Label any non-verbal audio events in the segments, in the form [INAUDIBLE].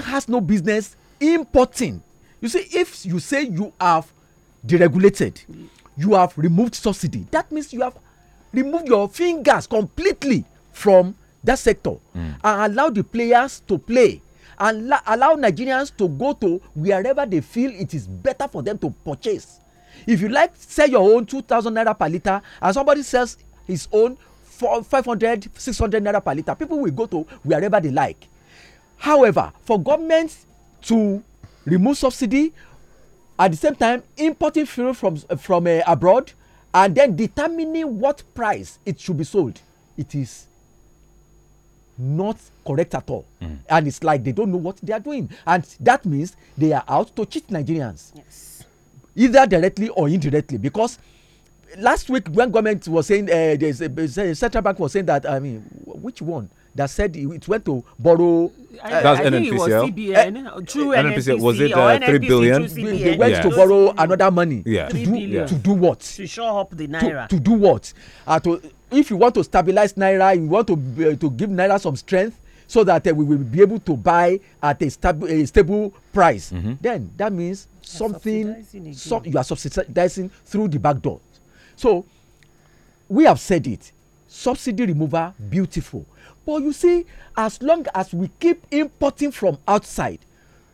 government has no business importing you see if you say you have deregulated you have removed subsidy that means you have removed your fingers completely from that sector mm. and allow the players to play and allow nigerians to go to wherever they feel it is better for them to purchase if you like sell your own two thousand naira per litre and somebody sells his own 500, five hundred six hundred naira per litre people will go to wherever they like however for governments to remove subsidy at the same time importing fuel from uh, from uh, abroad and then determining what price it should be sold it is not correct at all mm. and it's like they don't know what they are doing and that means they are out to cheat nigerians yes. either directly or indirectly because last week when government was saying uh, the central bank was saying that i mean which one that said it went to borrow. I, uh, that's I NNPCL. CBN, NNPCL. Was it uh, three billion? They went yeah. to borrow another money. Yeah. To do yeah. to do what? To shore up the naira. To, to do what? Uh, to if you want to stabilize naira, you want to uh, to give naira some strength so that uh, we will be able to buy at a, stab a stable price. Mm -hmm. Then that means something so you are subsidizing through the back door. So we have said it subsidy remover. beautiful but you see, as long as we keep importing from outside,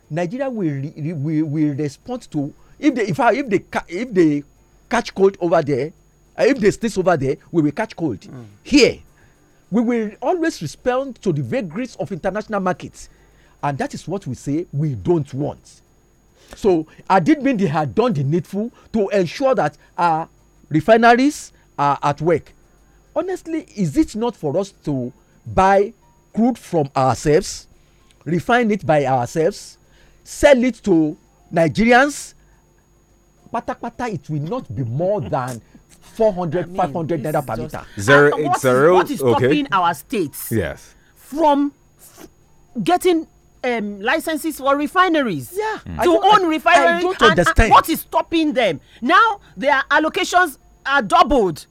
Nigeria will will, will respond to if they if, if they if they catch cold over there, uh, if they stay over there, we will catch cold. Mm. Here, we will always respond to the vagaries of international markets, and that is what we say we don't want. So I did mean they had done the needful to ensure that our refineries are at work. Honestly, is it not for us to buy crude from ourselves refine it by ourselves sell it to nigerians pátápátá it will not be more than four hundred five hundred naira per litre. zero eight zero what is stopping okay. our states. yes. from getting um, licenses for refineries. Yeah. Mm. To own refineries. I don't understand. What is stopping them? Now their allocations are doubled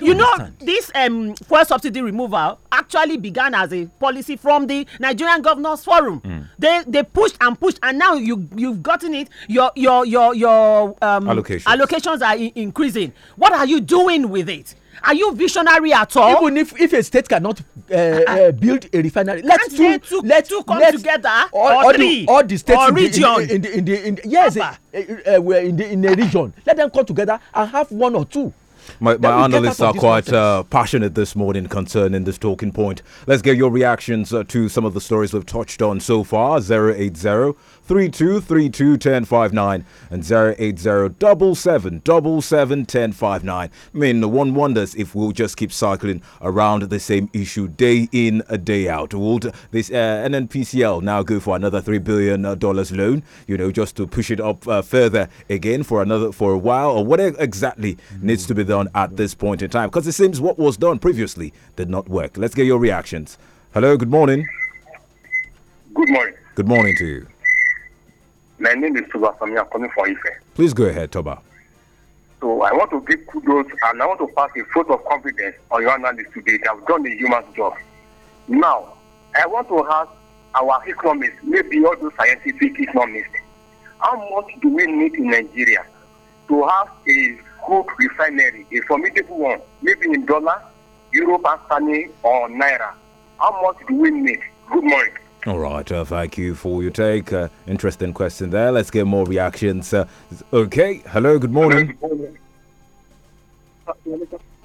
you understand. know this um, fuel subsidy removal actually began as a policy from the nigerian governors forum mm. they they pushed and pushed and now you you've gotten it your your your your um, allocations. allocations are increasing what are you doing with it are you visionary at all. even if if a state cannot uh, uh, build a refinery. let two, two let two come let together All or, the, all the states or in the, in, the, in, the, in the in the yes uh, uh, in the in region let them come together and have one or two my, my analysts are quite uh, passionate this morning concerning this talking point. Let's get your reactions uh, to some of the stories we've touched on so far. 080 3232 1059 and double seven ten five nine. I mean, one wonders if we'll just keep cycling around the same issue day in, uh, day out. Would this uh, NNPCL now go for another $3 billion uh, loan, you know, just to push it up uh, further again for another for a while? Or what exactly hmm. needs to be done at this point in time? Because it seems what was done previously did not work. Let's get your reactions. Hello, good morning. Good morning. Good morning to you. My name is Toba Sami. I'm coming from Ife. Please go ahead, Toba. So I want to give kudos and I want to pass a vote of confidence on your analysts today. They have done a human job. Now, I want to ask our economists, maybe all those scientific economists, how much do we need in Nigeria to have a good refinery, a formidable one, maybe in dollar, euro, and or naira? How much do we need? Good morning. All right, uh, thank you for your take. Uh, interesting question there. Let's get more reactions. Uh, okay, hello, good morning.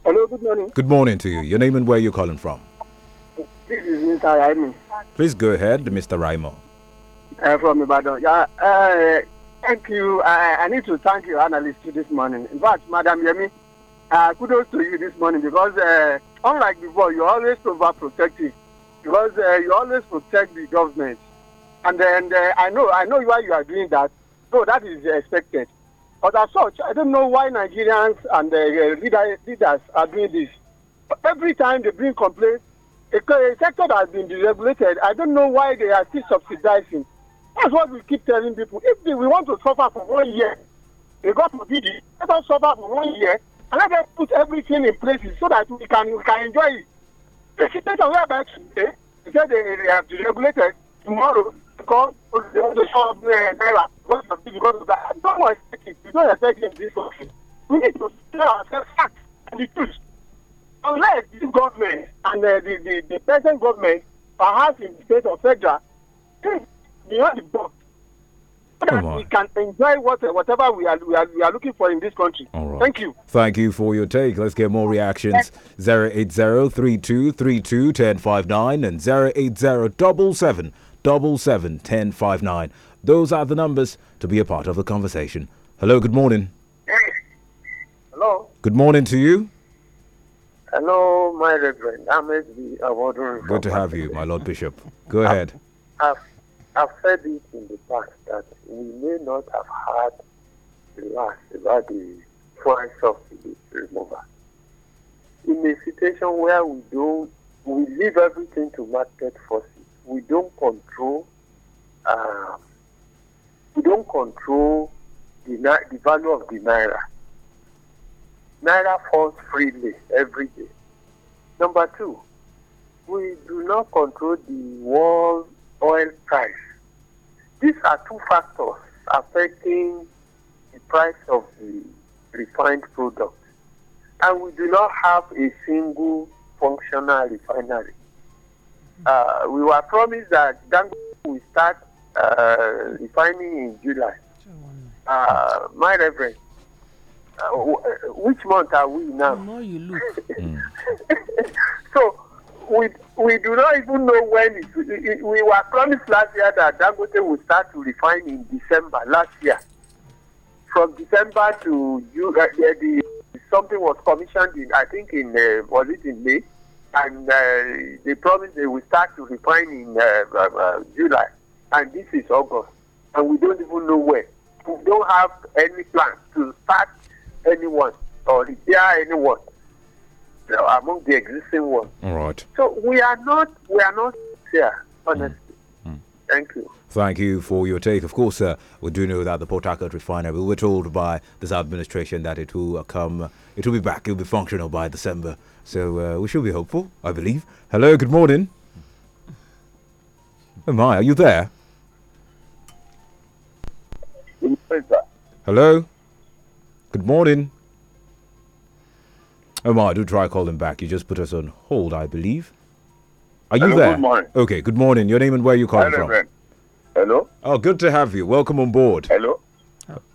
Hello, good morning. Good morning to you. Your name and where you're calling from. This is Mr. Raimo. Please go ahead, Mr. Raimo. Uh, from Ibadan. Yeah, uh, thank you. I, I, need to thank you, analyst, this morning. In fact, Madam Yemi, uh, kudos to you this morning because uh, unlike before, you're always overprotective because uh, you always protect the government. And then uh, I know I know why you are doing that. So that is expected. But as such, I don't know why Nigerians and uh, leader, leaders are doing this. Every time they bring complaints, a, sector that has been deregulated. I don't know why they are still subsidizing. That's what we keep telling people. If we want to suffer for one year, we got to be let us suffer for one year and let us put everything in place so that we can, we can enjoy it. The situation about today, they said they, they have deregulated tomorrow because they want to show up naira because of this, because of that. No one expects it. We don't expect it this country. We need to tell ourselves facts and the truth. Unless this government and uh, the, the, the present government, perhaps in the state of federal, think beyond the box Come on. we can enjoy what, whatever we are, we, are, we are looking for in this country. Thank you. Thank you for your take. Let's get more reactions. 080-3232-1059 and 080-777-1059. Those are the numbers to be a part of the conversation. Hello, good morning. Hello. Good morning to you. Hello, my reverend. I'm SB Good to have you, my Lord Bishop. Go ahead. I've, I've I've said it in the past that we may not have had the last about the price of the removal. In a situation where we don't, we leave everything to market forces. We don't control, um, we don't control the, the value of the naira. Naira falls freely every day. Number two, we do not control the world oil price. These are two factors affecting the price of the refined product. And we do not have a single functional refinery. Uh, we were promised that Dangote will start uh, refining in July. Uh, my reverend, uh, uh, which month are we now? The more you look. mm. [LAUGHS] so we we do not even know when it, it, we were promised last year that Dangote would start to refine in December last year. From December to June, uh, the, the, something was commissioned in I think in uh, was it in May, and uh, they promised they will start to refine in uh, uh, uh, July, and this is August, and we don't even know when. We don't have any plan to start anyone or repair anyone. Uh, among the existing ones. All right. So we are not we are not here, honestly. Mm. Mm. Thank you. Thank you for your take. Of course, uh, we do know that the Port Harcourt refinery, we were told by this administration that it will uh, come, it will be back, it will be functional by December. So uh, we should be hopeful, I believe. Hello, good morning. Oh I? are you there? Hello. Good morning. Omar, do try calling back. You just put us on hold, I believe. Are you Hello, there? Good morning. Okay, good morning. Your name and where you calling Hello, from? Friend. Hello. Oh, good to have you. Welcome on board. Hello.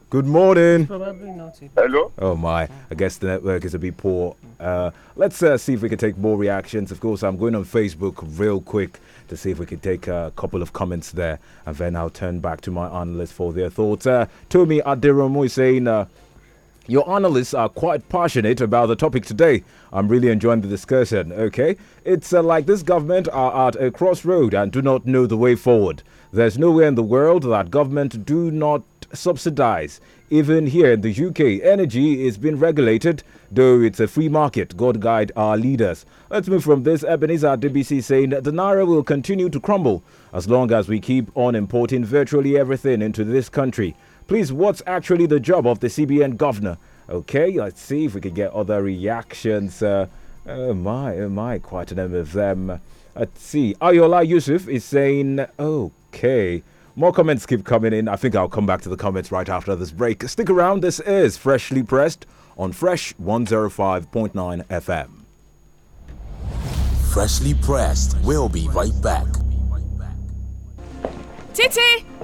Good morning. Probably not. Hello. Oh my, I guess the network is a bit poor. Uh, let's uh, see if we can take more reactions. Of course, I'm going on Facebook real quick to see if we can take a couple of comments there, and then I'll turn back to my analysts for their thoughts. Uh, Tomi Adiromu saying. Uh, your analysts are quite passionate about the topic today. I'm really enjoying the discussion, okay? It's uh, like this government are at a crossroad and do not know the way forward. There's nowhere in the world that government do not subsidize. Even here in the UK, energy is being regulated, though it's a free market. God guide our leaders. Let's move from this. Ebenezer DBC saying that the Naira will continue to crumble as long as we keep on importing virtually everything into this country. Please, what's actually the job of the CBN governor? Okay, let's see if we can get other reactions. Uh, oh my, oh my, quite a number of them. Let's see. Ayola Yusuf is saying, okay. More comments keep coming in. I think I'll come back to the comments right after this break. Stick around. This is Freshly Pressed on Fresh 105.9 FM. Freshly Pressed. We'll be right back. Titi!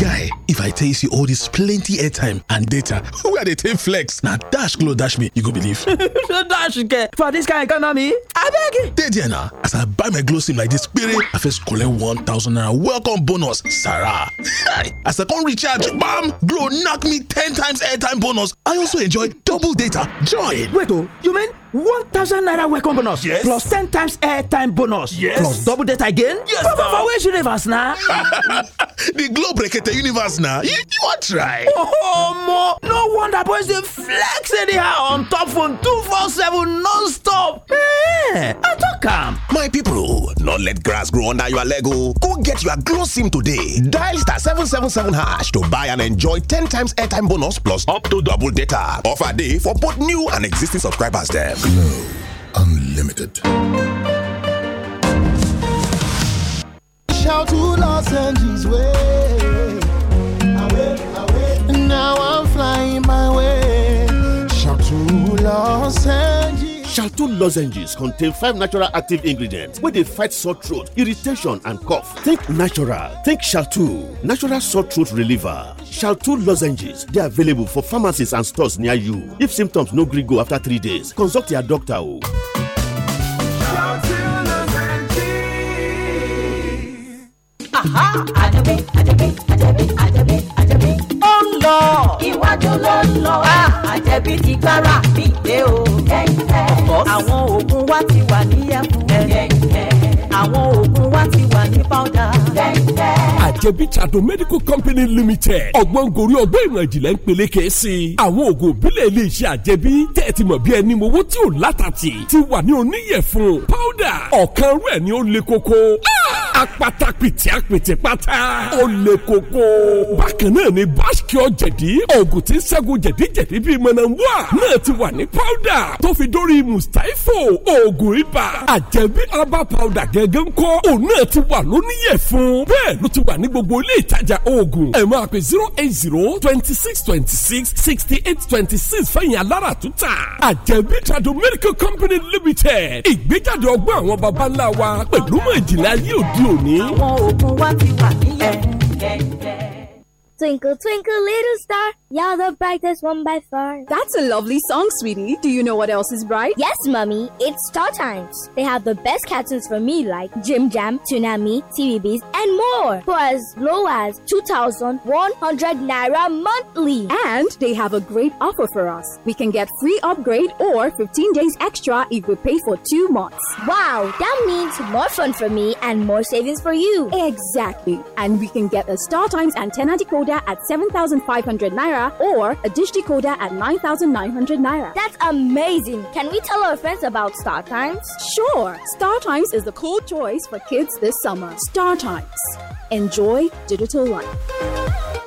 guy if i tell you see all this plenty airtime and data wey i dey take flex Now dash glow dash me you go believe. [LAUGHS] dash get for this kind economy I beg you. there na as i buy my glow sim like this kpere i first collect one thousand naira welcome bonus sarah [LAUGHS] as i come recharge bam glow knock me ten times airtime bonus i also enjoy double data join. wait oh, you mean one thousand naira welcome bonus yes. plus ten times airtime bonus yes. plus double data again. yes na. for for for which universe na. [LAUGHS] the globe brekete universe now. You, you want try? Oh, Mo. No wonder boys they flex anyhow on top phone 247 non-stop. Hey, eh, I talk calm. My people, not let grass grow under your Lego. Oh. Go get your Glow SIM today. Dial star 777 hash to buy and enjoy 10 times airtime bonus plus up to double data. Offer day for both new and existing subscribers there. Glow Unlimited. Shout to Los Angeles way. lozenges. Shalto lozenges contain five natural active ingredients wey dey fight sore throat, irritation and cough. Think natural, think Shalto, natural sore throat reliever. Shalto lozenges dey available for pharmacies and stores near you. If symptoms no gree go after three days, consult your doctor o. Ajabi, ajabi, ajabi, ajabi, ajabi lọ. Iwájú ló ń lọ. Ah, àjẹbí ti gbára mi dé o. Àwọn oògùn wa ti wà ní ẹ̀kún. Àwọn oògùn wa ti wà ní pọ́dà. Àjẹbí Trado Medical Company Limited ọgbọ́n gorí ọgbọ́n ìmọ̀ ìjìnlẹ̀ ń peléke sí i. Àwọn oògùn òbílẹ̀ ilé-iṣẹ́ àjẹbí tẹ̀ ti mọ̀ bí ẹni mowó tí ò látàtì ti wà ní oníyẹ̀fun pọ́dà ọ̀kan rẹ̀ ni ó le koko. Ah! apatapìtì apìtì pátá ó le koko. bákan náà ni báṣkì ọ̀jẹ̀dí oògùn tí ṣẹ́gun jẹ̀díjẹ̀dí bíi mọ̀nàmúà náà ti wà ní pọ́dà tó fi dórí mùsítáífò oògùn ibà àjẹbí herbal powder gẹ́gẹ́ ńkọ́ òun náà ti wà lóníyẹ̀ fún. bẹ́ẹ̀ ló ti wà ní gbogbo ilé ìtajà oògùn ẹ máa pè zero eight zero twenty six twenty six sixty eight twenty six fẹ̀yìn alára tuta àjẹbí tradu medical company limited ìgbéjáde ọgbọ́n àwọn baba ńlá wa pẹ̀lú mọ̀ ìjìnlẹ̀ òde òní. àwọn oògùn wa ti wà nílẹ̀ kẹ́kẹ́. Twinkle, twinkle, little star, you're the brightest one by far. That's a lovely song, sweetie. Do you know what else is bright? Yes, mummy, it's Star Times. They have the best cartoons for me like Jim Jam, Tsunami, TVBs, and more for as low as 2,100 naira monthly. And they have a great offer for us. We can get free upgrade or 15 days extra if we pay for two months. Wow, that means more fun for me and more savings for you. Exactly. And we can get a Star Times antenna decoder decoder at 7,500 naira or a dish decoder at 9,900 naira. That's amazing! Can we tell our friends about Star Times? Sure! Star Times is the cool choice for kids this summer. Star Times. Enjoy digital life.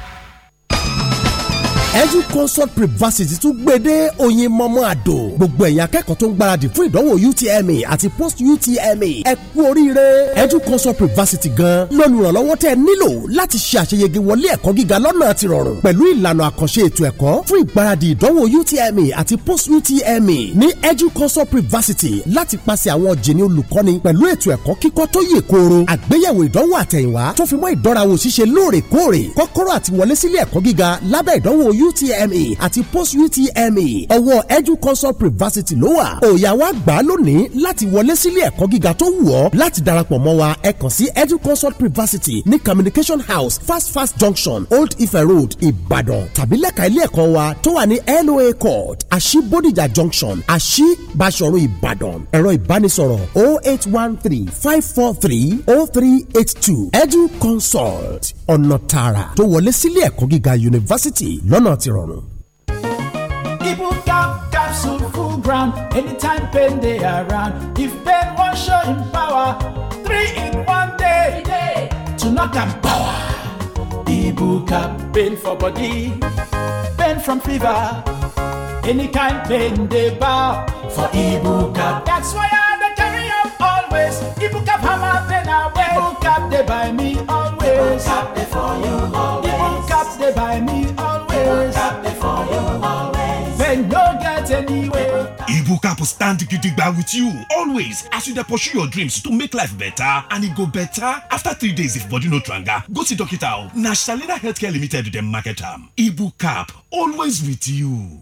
edu consult privacy tún gbédé oyin mọ́mọ́ àdó gbogbo ẹ̀yin akẹ́kọ̀ọ́ tó ń gbáradì fún ìdánwò utme àti post utme ẹ kú oríire edu consult privacy gan lọ́lùrànlọ́wọ́ tẹ́ ẹ nílò láti ṣe àṣeyege wọlé ẹ̀kọ́ gíga lọ́nà àti rọrùn pẹ̀lú ìlànà àkànṣe ètò ẹ̀kọ́ fún ìgbáradì ìdánwò utme àti post utme ní edu consult privacy láti pàṣẹ àwọn jìnnì olùkọ́ni pẹ̀lú ètò ẹ̀kọ́ kíkọ́ tó yè kooro àgbéyẹ̀wò ìdánwò àtẹ̀yìnwá tó fi mọ́ ìdánrawò ṣíṣe lóòrèkóòrè kọ́kọ́rọ́ àti wọlé sílé ẹ̀kọ́ gíga lábẹ́ ìdánwò UTMA e àti post UTMA. E. ọwọ́ educonsult privacity ló wà òòyà wa gbà á lónìí láti wọlé sílé ẹ̀kọ́ gíga tó wù ọ́ láti darapọ̀ mọ́ wa ẹ kàn sí educonsult privacity ní communication house fast fast junction old ife road Ìbàdàn tàbí lẹ́ka ilé ẹ̀kọ́ wa tó wà ní LOA court àṣì Bódìjà junction àṣì Bàṣọ̀run Ìbàdàn ẹ̀rọ ìbánisọ̀rọ̀ 0813 543 0382 educonsult ọ̀nà tààrà tó wọlé sílé ẹ̀kọ́ gíga yunifásitì lọ́nà náà ti rọrùn. Ibu cap capsule full ground anytime pain dey around if pain wan show im power three in one day to knock am power. Ibu cap pain for body pain from fever any kind pain dey bow for Ibu cap. That's why I dey carry am always Ibu cap hammer pain away. Ibu cap dey by me always. Ibu cap dey for you always. Ibu cap dey by me always. Igbo cap stand gidigba with you always as you pursue your dreams to make life better and it e go better after three days if body no tranga go see dokita o na Shalina Healthcare Limited the market arm. Igbo cap always with you.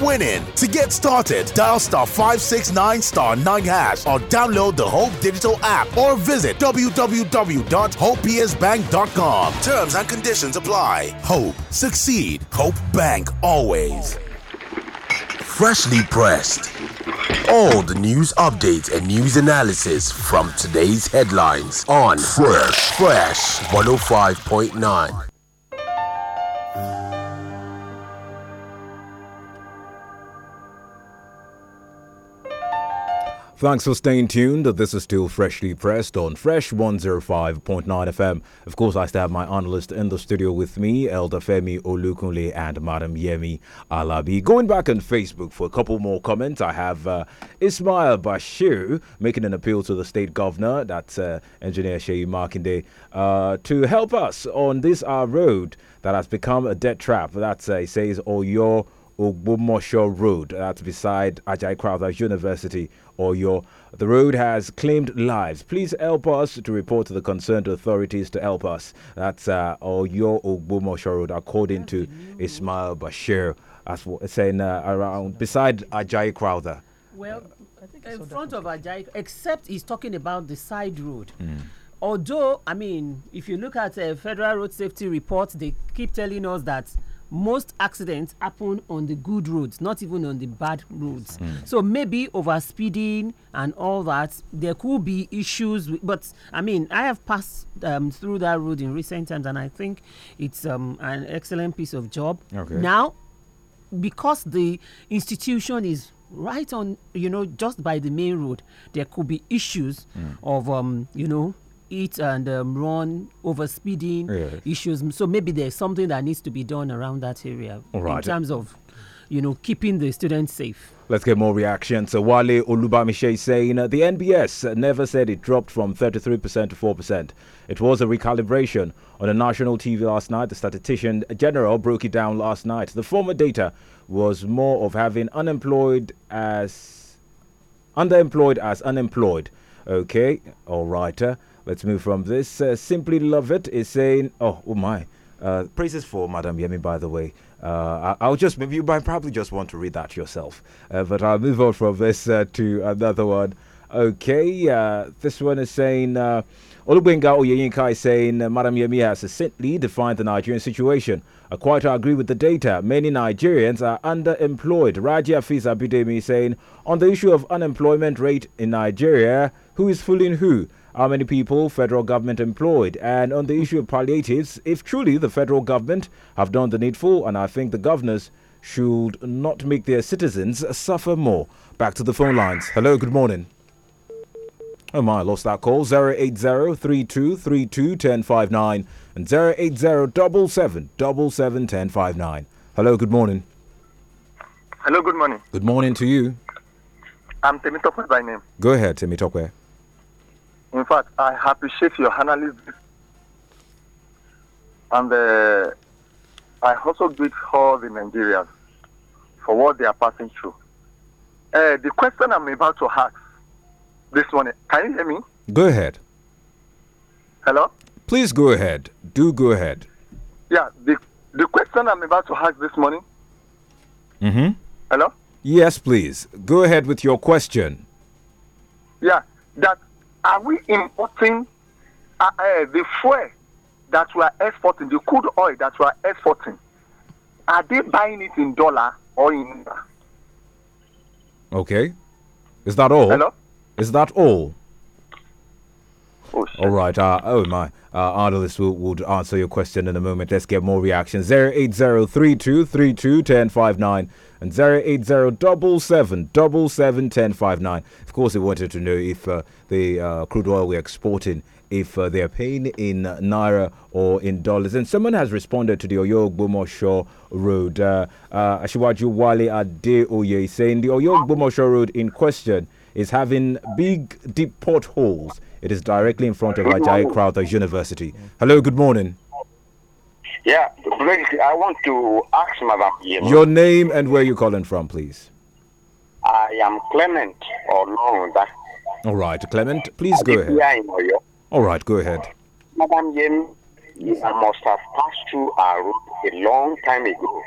winning. To get started, dial star 569 star 9 hash or download the Hope Digital app or visit www.hopeisbank.com. Terms and conditions apply. Hope, succeed. Hope Bank always. Freshly pressed. All the news updates and news analysis from today's headlines on Fresh Fresh 105.9. Thanks for staying tuned. This is still freshly pressed on Fresh 105.9 FM. Of course, I still have my analyst in the studio with me, Elder Femi Olukunle and Madam Yemi Alabi. Going back on Facebook for a couple more comments, I have uh, Ismail Bashir making an appeal to the state governor, that's uh, Engineer Sheyu Markinde, uh, to help us on this our uh, road that has become a debt trap. That's, uh, he says, or oh, your Ogbomosho Road. That's beside Ajay Crowther University, Oyo. The road has claimed lives. Please help us to report to the concerned authorities to help us. That's uh, Oyo Ogbomosho Road, according to Ismail Bashir, as well, saying uh, around beside Ajay Crowther. Well, in front of Ajay, except he's talking about the side road. Mm although i mean if you look at a uh, federal road safety report they keep telling us that most accidents happen on the good roads, not even on the bad roads. Mm. So maybe over speeding and all that, there could be issues. With, but I mean, I have passed um, through that road in recent times, and I think it's um, an excellent piece of job. Okay. Now, because the institution is right on, you know, just by the main road, there could be issues mm. of, um, you know, eat and um, run, overspeeding yes. issues. So maybe there's something that needs to be done around that area right. in terms of, you know, keeping the students safe. Let's get more reactions. So Wale Olubamiche saying the NBS never said it dropped from 33% to 4%. It was a recalibration. On a national TV last night, the statistician general broke it down last night. The former data was more of having unemployed as underemployed as unemployed. Okay, all right. Let's move from this. Uh, Simply Love It is saying, oh, oh my. Uh, praises for Madam Yemi, by the way. Uh, I, will just, maybe you might probably just want to read that yourself. Uh, but I'll move on from this uh, to another one. Okay, uh, this one is saying, uh, Oyeyinka is saying, Madam Yemi has succinctly defined the Nigerian situation. I quite agree with the data. Many Nigerians are underemployed. Raja Fiz Abidemi saying, on the issue of unemployment rate in Nigeria, who is fooling who? how many people federal government employed. And on the issue of palliatives, if truly the federal government have done the needful, and I think the governors should not make their citizens suffer more. Back to the phone lines. Hello, good morning. Oh my, I lost that call. 80 3232 and 80 777 Hello, good morning. Hello, good morning. Good morning to you. I'm Temitokwe by name. Go ahead, Temitokwe. In fact, I appreciate your analysis. And uh, I also greet all the Nigerians for what they are passing through. Uh, the question I'm about to ask this morning, can you hear me? Go ahead. Hello? Please go ahead. Do go ahead. Yeah, the, the question I'm about to ask this morning. Mm-hmm. Hello? Yes, please. Go ahead with your question. Yeah, that are we importing uh, uh, the fuel that we are exporting, the crude oil that we are exporting? Are they buying it in dollar or in? Okay, is that all? Hello. Is that all? Oh, All right. Uh, oh, my. Uh, will, will answer your question in a moment. Let's get more reactions. 08032321059 and 08077771059. Of course, they wanted to know if uh, the uh, crude oil we're exporting, if uh, they are paying in naira or in dollars. And someone has responded to the Oyo Gbomosho Road. Uh, uh, Ashiwaju Wale Adeoye saying the Oyo Gbomosho Road in question is having big, deep potholes it is directly in front of Ajay Crowther University. Hello, good morning. Yeah, I want to ask Madam. You know, Your name and where you calling from, please. I am Clement Olonda. All right, Clement, please I go ahead. All right, go ahead. Madam Yem, I must have passed through our road a long time ago.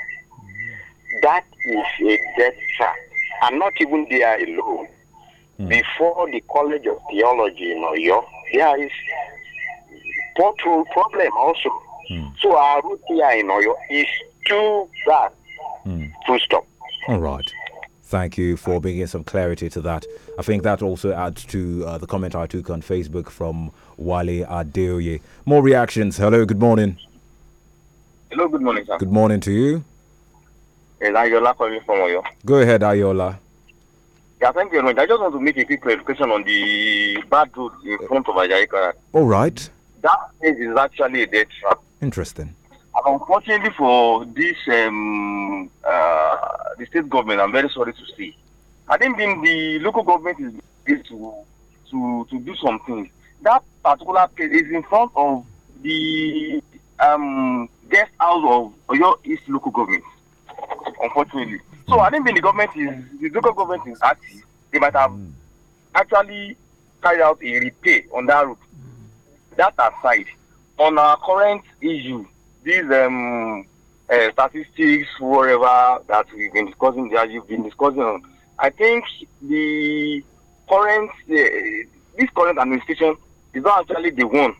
That is a death trap. I'm not even there alone mm. before the College of Theology in Oyo. there is it's pothole problem also. Mm. So our route here in Oyo is too bad. Mm. Full stop. All right. Thank you for bringing some clarity to that. I think that also adds to uh, the comment I took on Facebook from Wale Adeoye. More reactions. Hello, good morning. Hello, good morning, sir. Good morning to you. Is Ayola calling from Oyo? Go ahead, Ayola. Yeah, thank you very much. I just want to make a quick clarification on the bad road in front of Ajaika. All right. That place is actually a death trap. Interesting. And unfortunately for this, um, uh, the state government, I'm very sorry to say. I think the local government is to, to, to do something. That particular place is in front of the um, guest house of your East local government, unfortunately. So I didn't mean the government is the local government is active. They might have mm. actually carried out a repair on that route. Mm. That aside, on our current issue, these um, uh, statistics, whatever that we've been discussing, that you've been discussing, on, I think the current uh, this current administration is not actually the one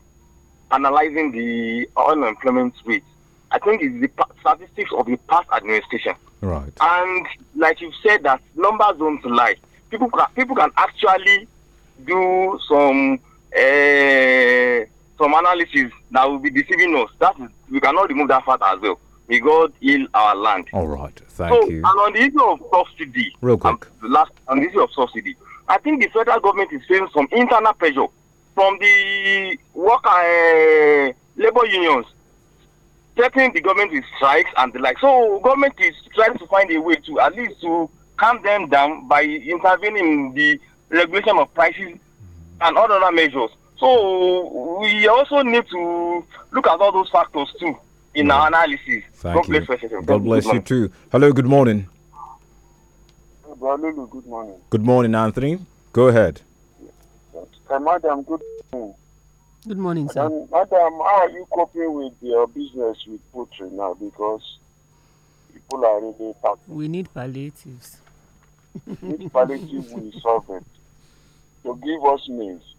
analyzing the unemployment rate. I think it's the statistics of the past administration. Right. And like you said, that numbers don't lie. People can, people can actually do some uh, some analysis that will be deceiving us. That is, we cannot remove that fact as well. May God heal our land. All right, thank so, you. And on the issue of subsidy, real quick, um, last on the issue of subsidy, I think the federal government is facing some internal pressure from the worker uh, eh, labor unions threatening the government with strikes and the like. So government is trying to find a way to at least to calm them down by intervening in the regulation of prices and other measures. So we also need to look at all those factors too in our mm. analysis. Thank God you. bless you. God bless you too. Hello, good morning. Good morning. Good morning, Anthony. Go ahead. Uh, Madam, good morning. Good morning, sir. And, madam, how are you coping with your business with poultry now? Because people are really impacted. We need palliatives. we need will solve it? to give us names.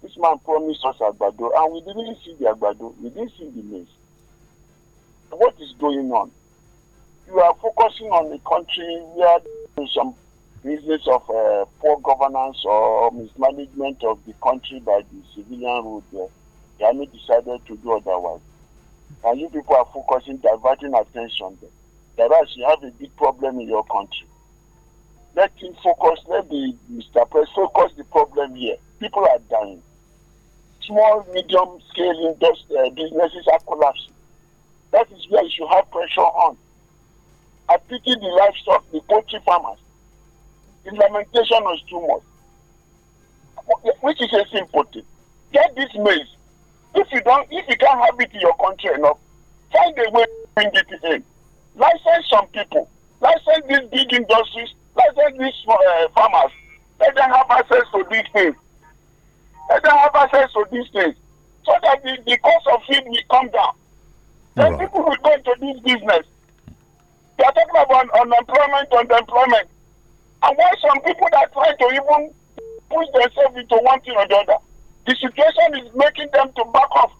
This man promised us Agbado, and we didn't see the Agbado. We didn't see the names. What is going on? You are focusing on the country where some business of uh, poor governance or mismanagement of the country by the civilian rule there. The army decided to do otherwise. And you people are focusing, diverting attention there. Whereas you have a big problem in your country. Let him focus, let the Mr. President focus the problem here. People are dying. Small, medium scale industry, uh, businesses are collapsing. That is where you should have pressure on. I'm the livestock, the poultry farmers implementation was too much, which is a simple thing. Get this maize. If you don't, if you can't have it in your country enough, find a way to bring it in. License some people. License these big industries. License these uh, farmers. Let them have access to these things. Let them have access to these things, so that the, the cost of feed will come down. Then right. people will go into this business. They are talking about unemployment, unemployment. And why some people that try to even push themselves into one thing or the other, the situation is making them to back off.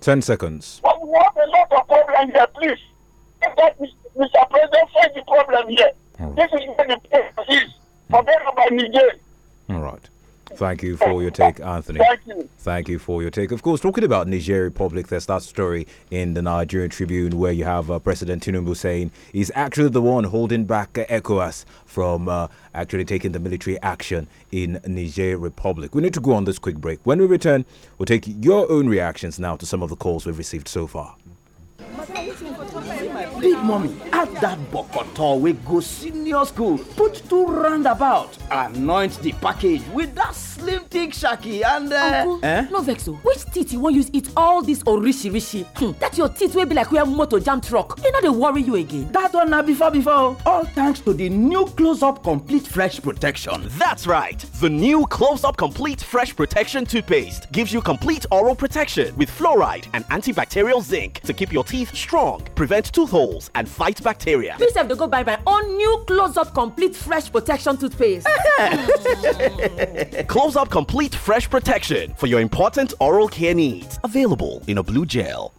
Ten seconds. But we have a lot of problems here, please. That Mr. President face the problem here. This is where the place is. Forget about Niger. All right. Thank you for your take, Anthony. Thank you. Thank you for your take. Of course, talking about Niger Republic, there's that story in the Nigerian Tribune where you have uh, President Tinubu saying he's actually the one holding back uh, ECOWAS from uh, actually taking the military action in Niger Republic. We need to go on this quick break. When we return, we'll take your own reactions now to some of the calls we've received so far big mommy add that bokoto wey go senior school put two roundabout anoint the package with that slim thick shaki and. Uh, uncle eh? no vex o which teeth you wan use eat all this orishi hmm. that your teeth wey be like where motor jam truck e no dey worry you again. that one na before before all thanks to the new close up complete fresh protection. that's right the new close up complete fresh protection toothpaste gives you complete oral protection with fluoride and antibacterial zinc to keep your teeth strong prevent tooth holes and fight bacteria. me sef dey go buy my own new close up complete fresh protection toothpaste. [LAUGHS] [LAUGHS] close rolls up complete fresh protection for your important oral care needs. Available in a blue gel.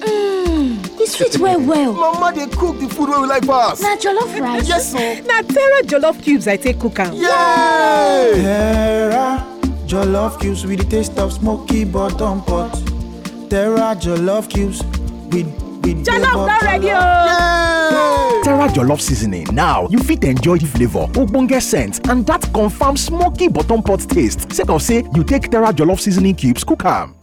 Mm, this sweet [LAUGHS] well well mama they cook the food when we like pass Now jollof rice yes sir. Now terra jollof cubes i take cook am yay terra jollof cubes with the taste of smoky bottom pot terra jollof cubes with with jollof don ready ooo. Oh. terra jollof seasoning now you fit enjoy the flavour ogbonge scent and that confirms smoky bottom pot taste sake of say you take terra jollof seasoning cubes cook them.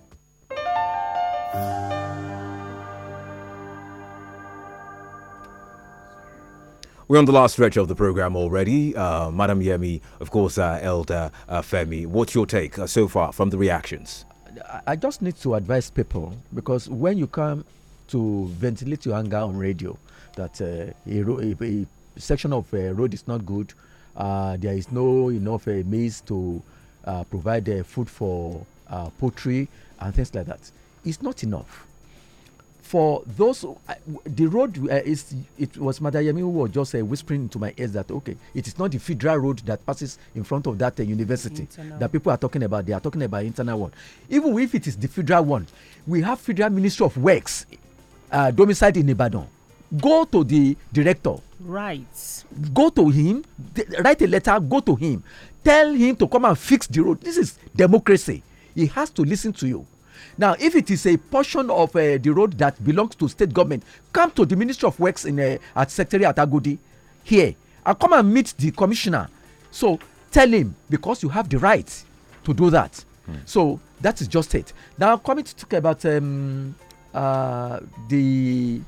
We're on the last stretch of the program already. Uh, Madam Yemi, of course, uh, Elder uh, Femi, what's your take uh, so far from the reactions? I just need to advise people because when you come to ventilate your anger on radio that uh, a, a, a, section of a uh, road is not good, uh, there is no enough uh, maize to uh, provide food for uh, poultry and things like that. It's not enough. For those, uh, the road is it was Madayami who was just whispering into my ears that okay, it is not the federal road that passes in front of that university internal. that people are talking about. They are talking about internal one. Even if it is the federal one, we have federal ministry of works uh, domiciled in Ibadan, go to the director. Right. Go to him, write a letter, go to him, tell him to come and fix the road. This is democracy. He has to listen to you. Now, if it is a portion of uh, the road that belongs to state government, come to the Ministry of Works in uh, at Secretary at Agodi here and come and meet the commissioner. So tell him because you have the right to do that. Mm. So that is just it. Now, coming to talk about um, uh, the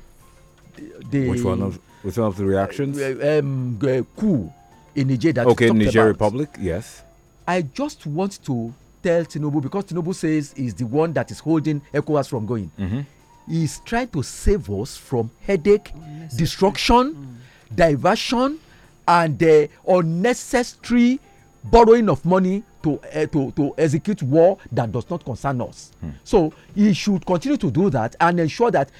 the which one of which one of the reactions? Uh, um, uh, coup in Niger that okay, Niger about. Republic, yes. I just want to tell Tinubu because Tinubu says is the one that is holding ECOWAS from going. Mm -hmm. He's trying to save us from headache, oh, destruction, mm. diversion, and the uh, unnecessary borrowing of money to, uh, to, to execute war that does not concern us. Hmm. So he should continue to do that and ensure that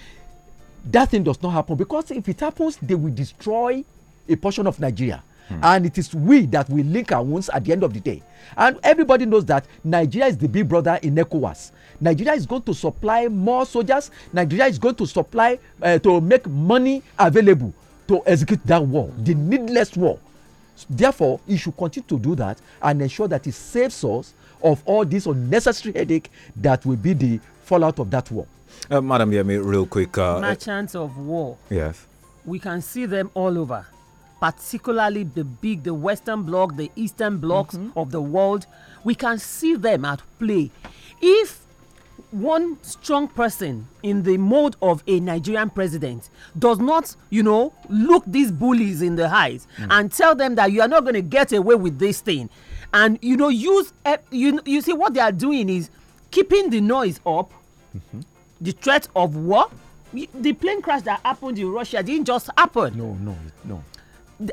that thing does not happen because if it happens, they will destroy a portion of Nigeria. Hmm. And it is we that will link our wounds at the end of the day. And everybody knows that Nigeria is the big brother in ECOWAS. Nigeria is going to supply more soldiers. Nigeria is going to supply, uh, to make money available to execute that war, the needless war Therefore, he should continue to do that and ensure that he saves us of all this unnecessary headache that will be the fallout of that war. Uh, Madam Yemi, real quick. Uh, Merchants of war. Yes. We can see them all over, particularly the big, the Western bloc, the Eastern blocs mm -hmm. of the world. We can see them at play. If one strong person in the mode of a Nigerian president does not, you know, look these bullies in the eyes mm. and tell them that you are not going to get away with this thing. And, you know, use, eh, you, you see, what they are doing is keeping the noise up, mm -hmm. the threat of war. The plane crash that happened in Russia didn't just happen. No, no, no.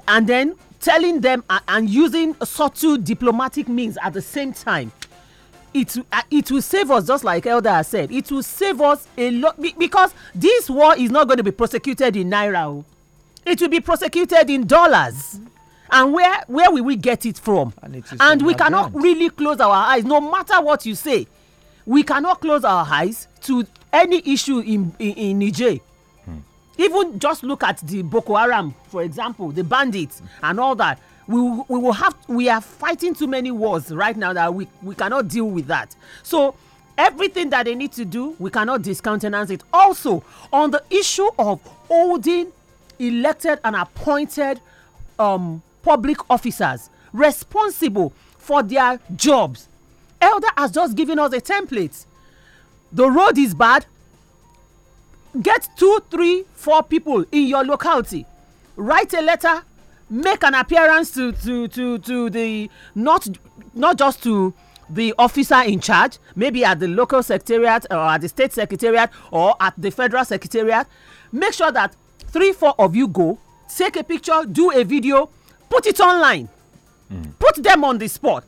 And then telling them and using subtle diplomatic means at the same time it uh, it will save us just like elder has said it will save us a lot because this war is not going to be prosecuted in naira oh. it will be prosecuted in dollars and where where will we get it from and, it and we cannot really close our eyes no matter what you say we cannot close our eyes to any issue in in, in niger hmm. even just look at the boko haram for example the bandits hmm. and all that we, we will have we are fighting too many wars right now that we, we cannot deal with that so everything that they need to do we cannot discountenance it also on the issue of holding elected and appointed um, public officers responsible for their jobs elder has just given us a template the road is bad get two three four people in your locality write a letter make an appearance to to to to the not not just to the officer in charge maybe at the local secretariat or at the state secretariat or at the federal secretariat make sure that three four of you go take a picture do a video put it online mm. put them on the spot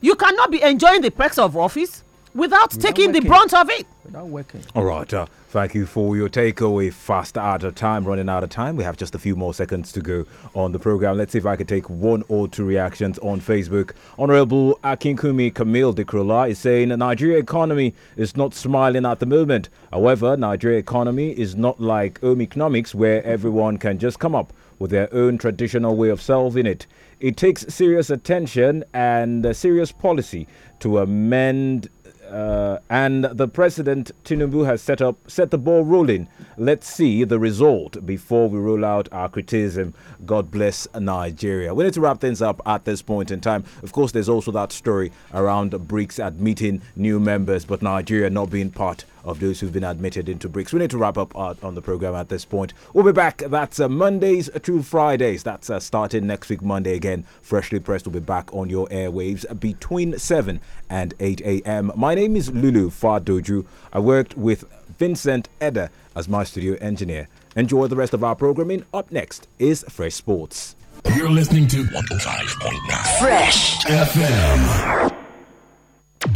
you cannot be enjoying the perks of office without taking the brunt of it working. All right. Uh, thank you for your takeaway. Fast out of time, running out of time. We have just a few more seconds to go on the program. Let's see if I can take one or two reactions on Facebook. Honorable Akinkumi Camille Dikrola is saying the Nigeria economy is not smiling at the moment. However, Nigeria economy is not like home economics where everyone can just come up with their own traditional way of solving it. It takes serious attention and serious policy to amend uh, and the president Tinubu has set up set the ball rolling. Let's see the result before we roll out our criticism. God bless Nigeria. We need to wrap things up at this point in time. Of course, there's also that story around BRICS admitting new members, but Nigeria not being part of those who've been admitted into BRICS. We need to wrap up our, uh, on the program at this point. We'll be back. That's uh, Mondays through Fridays. That's uh, starting next week, Monday again. Freshly Pressed will be back on your airwaves between 7 and 8 a.m. My name is Lulu Fadoju. I worked with Vincent Eder as my studio engineer. Enjoy the rest of our programming. Up next is Fresh Sports. You're listening to 105.9 Fresh FM.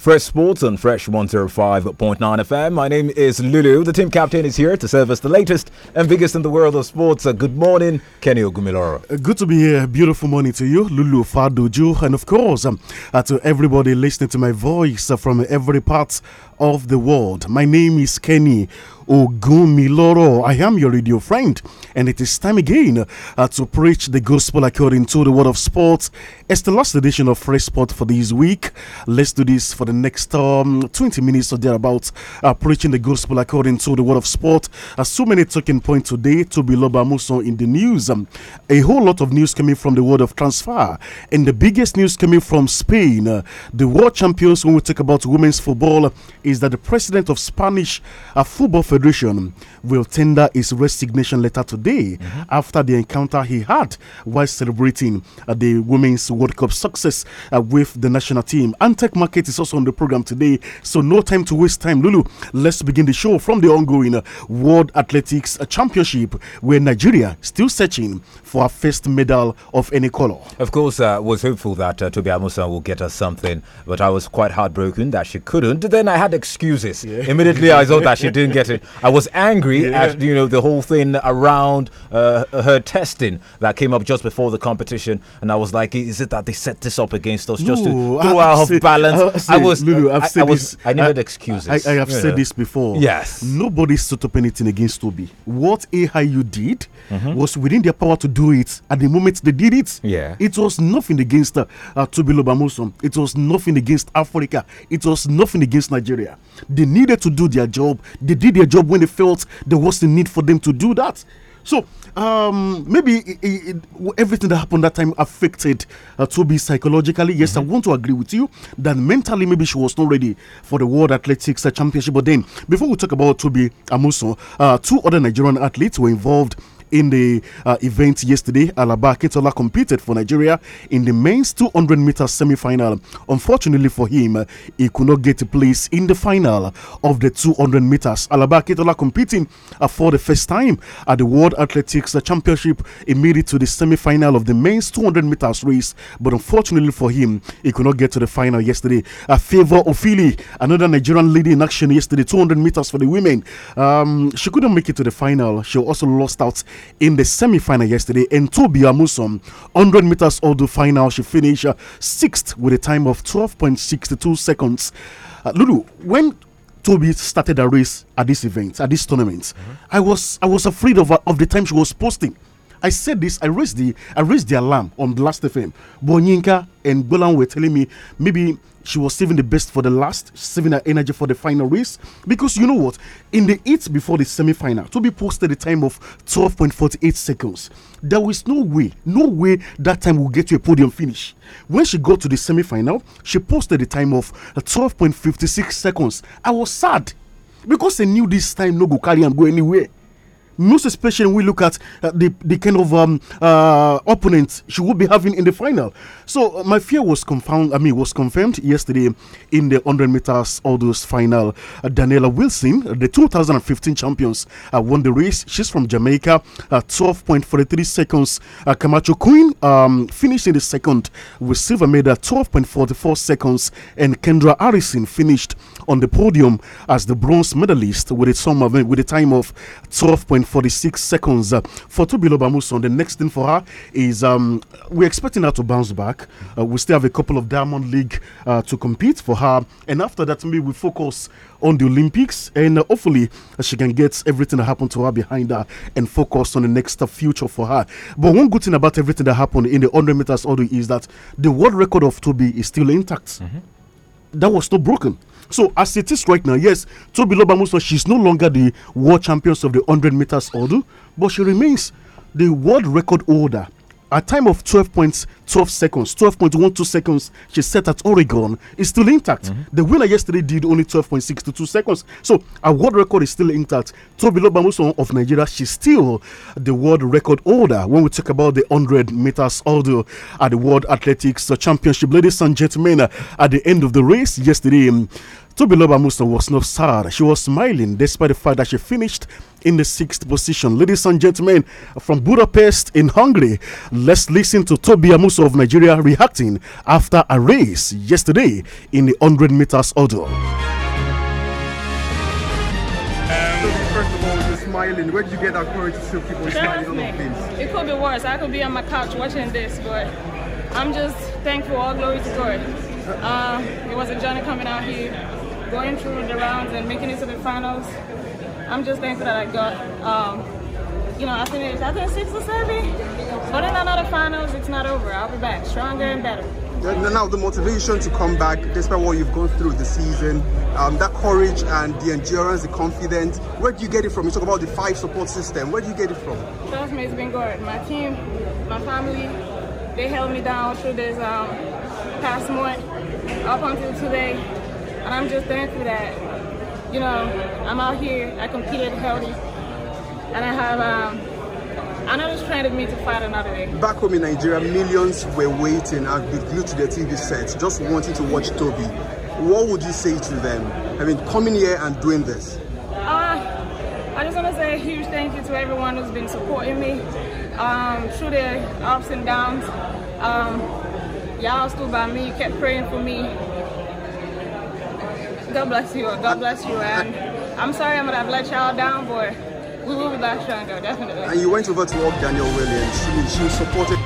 Fresh Sports on Fresh 105.9 FM. My name is Lulu. The team captain is here to serve us the latest and biggest in the world of sports. Uh, good morning, Kenny Ogumiloro. Uh, good to be here. Beautiful morning to you, Lulu Faduju, And of course, um, uh, to everybody listening to my voice uh, from every part of the world. My name is Kenny Ogumiloro. I am your radio friend, and it is time again uh, to preach the gospel according to the world of sports. It's the last edition of Fresh Sport for this week. Let's do this for the next um, 20 minutes or thereabouts, uh, preaching the gospel according to the world of sport. Uh, so many talking points today to be Lobamuso in the news. Um, a whole lot of news coming from the world of transfer, and the biggest news coming from Spain. Uh, the world champions, when we talk about women's football, is that the president of Spanish uh, Football Federation will tender his resignation letter today mm -hmm. after the encounter he had while celebrating uh, the Women's World Cup success uh, with the national team. Antec Market is also on the program today, so no time to waste time. Lulu, let's begin the show from the ongoing World Athletics Championship where Nigeria still searching for a first medal of any color. Of course, I uh, was hopeful that uh, Toby Amusan will get us something, but I was quite heartbroken that she couldn't. Then I had a excuses. Yeah. Immediately, I thought that she [LAUGHS] didn't get it. I was angry yeah. at you know the whole thing around uh, her testing that came up just before the competition, and I was like, is it that they set this up against us no, just to throw out of balance? I was, Lulu, I've I, said I was, this, I needed I, excuses. I, I have said this before. Yes, nobody set up anything against Toby. What AIU did mm -hmm. was within their power to do it. At the moment they did it, yeah, it was nothing against uh, uh, Toby It was nothing against Africa. It was nothing against Nigeria. They needed to do their job. They did their job when they felt there was the need for them to do that. So um, maybe it, it, everything that happened that time affected uh, Toby psychologically. Yes, mm -hmm. I mm-hmm. want to agree with you that mentally maybe she was not ready for the World Athletics uh, Championship. But then, before we talk about Toby Amuso, uh, two other Nigerian athletes were involved in the uh, event yesterday. Alaba Ketola competed for Nigeria in the men's 200 meter semi final. Unfortunately for him, he could not get a place in the final of the 200 meters. Alaba Ketola competing uh, for the first time at the World Athletics Championship. He made it to the semi final of the men's 200 meters race, but unfortunately for him, he could not get to the final yesterday. A uh, favor Ofili, another Nigerian lady in action yesterday, 200 meters for the women. Um, she couldn't make it to the final. She also lost out in the semi final yesterday. And Toby Amusom, 100 meters of the final, she finished uh, sixth with a time of 12.62 seconds. Uh, Lulu, when Toby started a race at this event, at this tournament, mm -hmm. I was I was afraid of, of the time she was posting. I said this, I raised the I raised the alarm on Blast FM. Bonyinka and Golan were telling me maybe she was saving the best for the last, saving her energy for the final race. Because you know what? In the heat before the semi final, to be posted a time of 12.48 seconds, there was no way, no way that time will get to a podium finish. When she got to the semi final, she posted a time of 12.56 seconds. I was sad because I knew this time no go carry and go anywhere most especially when we look at uh, the the kind of um, uh, opponents she would be having in the final. So uh, my fear was confirmed. I mean, was confirmed yesterday in the 100 meters those final. Uh, Daniela Wilson, the 2015 champions, uh, won the race. She's from Jamaica. 12.43 seconds. Camacho Queen um, finished in the second with silver medal. 12.44 seconds, and Kendra Harrison finished on the podium as the bronze medalist with a, sum of, with a time of 12. 46 seconds uh, for Tobilo Bamuson. The next thing for her is um, we're expecting her to bounce back. Uh, we still have a couple of Diamond League uh, to compete for her. And after that, maybe we focus on the Olympics and uh, hopefully uh, she can get everything that happened to her behind her and focus on the next uh, future for her. But one good thing about everything that happened in the 100 meters order is that the world record of Toby is still intact. Mm -hmm. That was not broken. So as it is right now, yes, Toby Lobamuso, she's no longer the world champions of the 100 meters order, but she remains the world record holder. A time of 12.12 seconds, 12.12 seconds she set at Oregon is still intact. Mm -hmm. The winner yesterday did only 12.62 seconds. So our world record is still intact. Toby Lobamuso of Nigeria, she's still the world record holder when we talk about the 100 meters order at the World Athletics Championship. Ladies and gentlemen, at the end of the race yesterday, Tobiloba Musa was not sad. She was smiling despite the fact that she finished in the sixth position. Ladies and gentlemen, from Budapest in Hungary, let's listen to Toby Amuso of Nigeria reacting after a race yesterday in the 100 meters hurdle. smiling? Where did you get that courage to see people smiling on things? It could be worse. I could be on my couch watching this, but I'm just thankful. All glory to God. Um, it was a journey coming out here, going through the rounds and making it to the finals. I'm just thankful that I got, um, you know, I finished, I think six or seven. But in another finals, it's not over. I'll be back stronger and better. Now the motivation to come back, despite what you've gone through the season, um, that courage and the endurance, the confidence, where do you get it from? You talk about the five support system. Where do you get it from? Trust me, it's been good. My team, my family, they held me down through this um, past month up until today. And I'm just thankful that, you know, I'm out here, I competed healthy, and I have um, it's trying to me to fight another day. Back home in Nigeria, millions were waiting I've been glued to their TV sets, just wanting to watch Toby. What would you say to them? I mean, coming here and doing this? Uh, I just want to say a huge thank you to everyone who's been supporting me um, through the ups and downs. Um, y'all stood by me, kept praying for me. God bless you. God bless you. And I'm sorry I'm gonna have let y'all down, but we will be back stronger, definitely. And you went over to walk Daniel Williams. She, she supported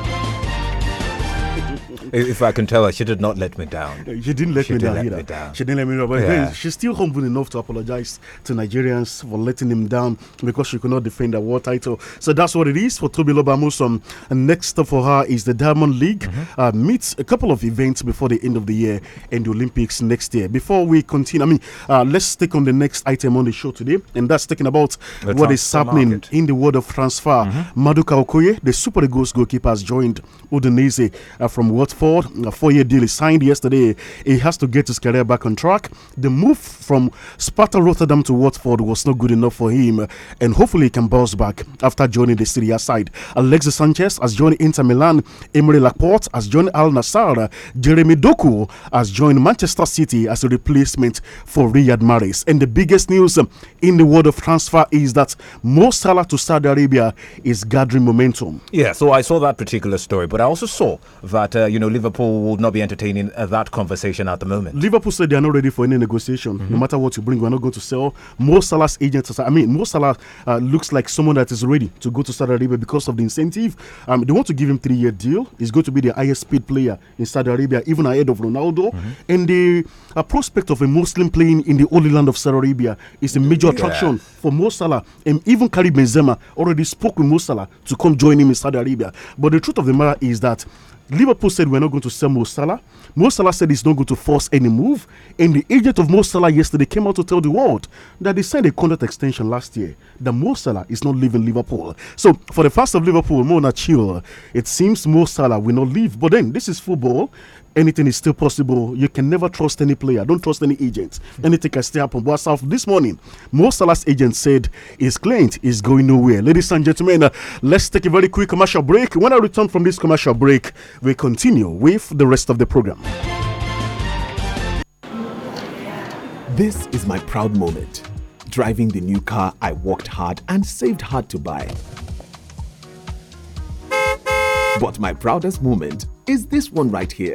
if I can tell her, she did not let me down. She didn't let, she me, didn't down let me down. She didn't let me down. But yeah. she's still humble enough to apologize to Nigerians for letting him down because she could not defend her world title. So that's what it is for Toby Lobamusum. And next for her is the Diamond League. Mm -hmm. uh, meets a couple of events before the end of the year and the Olympics next year. Before we continue, I mean, uh, let's take on the next item on the show today, and that's talking about the what is happening market. in the world of transfer. Mm -hmm. Maduka Okoye, the Super Eagles goalkeeper, has joined Udinese uh, from Watford. Ford. A four year deal is signed yesterday. He has to get his career back on track. The move from Sparta Rotterdam to Watford was not good enough for him, and hopefully he can bounce back after joining the Serie A side. Alexis Sanchez has joined Inter Milan, Emery Laporte has joined Al Nassr, Jeremy Doku has joined Manchester City as a replacement for Riyad Mahrez. And the biggest news in the world of transfer is that Mo Salah to Saudi Arabia is gathering momentum. Yeah, so I saw that particular story, but I also saw that uh, you know know Liverpool would not be entertaining uh, that conversation at the moment. Liverpool said they are not ready for any negotiation. Mm -hmm. No matter what you bring, we are not going to sell. Mo Salah's agent, I mean, Mo Salah uh, looks like someone that is ready to go to Saudi Arabia because of the incentive. Um, they want to give him three-year deal. He's going to be the highest paid player in Saudi Arabia, even ahead of Ronaldo. Mm -hmm. And the uh, prospect of a Muslim playing in the holy land of Saudi Arabia is a major yeah. attraction for Mo Salah. And even Karim Benzema already spoke with Mo Salah to come join him in Saudi Arabia. But the truth of the matter is that Liverpool said we're not going to sell Mo Salah. Mo Salah said he's not going to force any move. And the agent of Mo Salah yesterday came out to tell the world that they signed a contract extension last year that Mo Salah is not leaving Liverpool. So for the fans of Liverpool, more chill. It seems Mo Salah will not leave. But then this is football anything is still possible. You can never trust any player. Don't trust any agent. Anything can still happen. But as this morning, most Salah's agent said his client is going nowhere. Ladies and gentlemen, uh, let's take a very quick commercial break. When I return from this commercial break, we continue with the rest of the program. This is my proud moment. Driving the new car I worked hard and saved hard to buy. But my proudest moment is this one right here.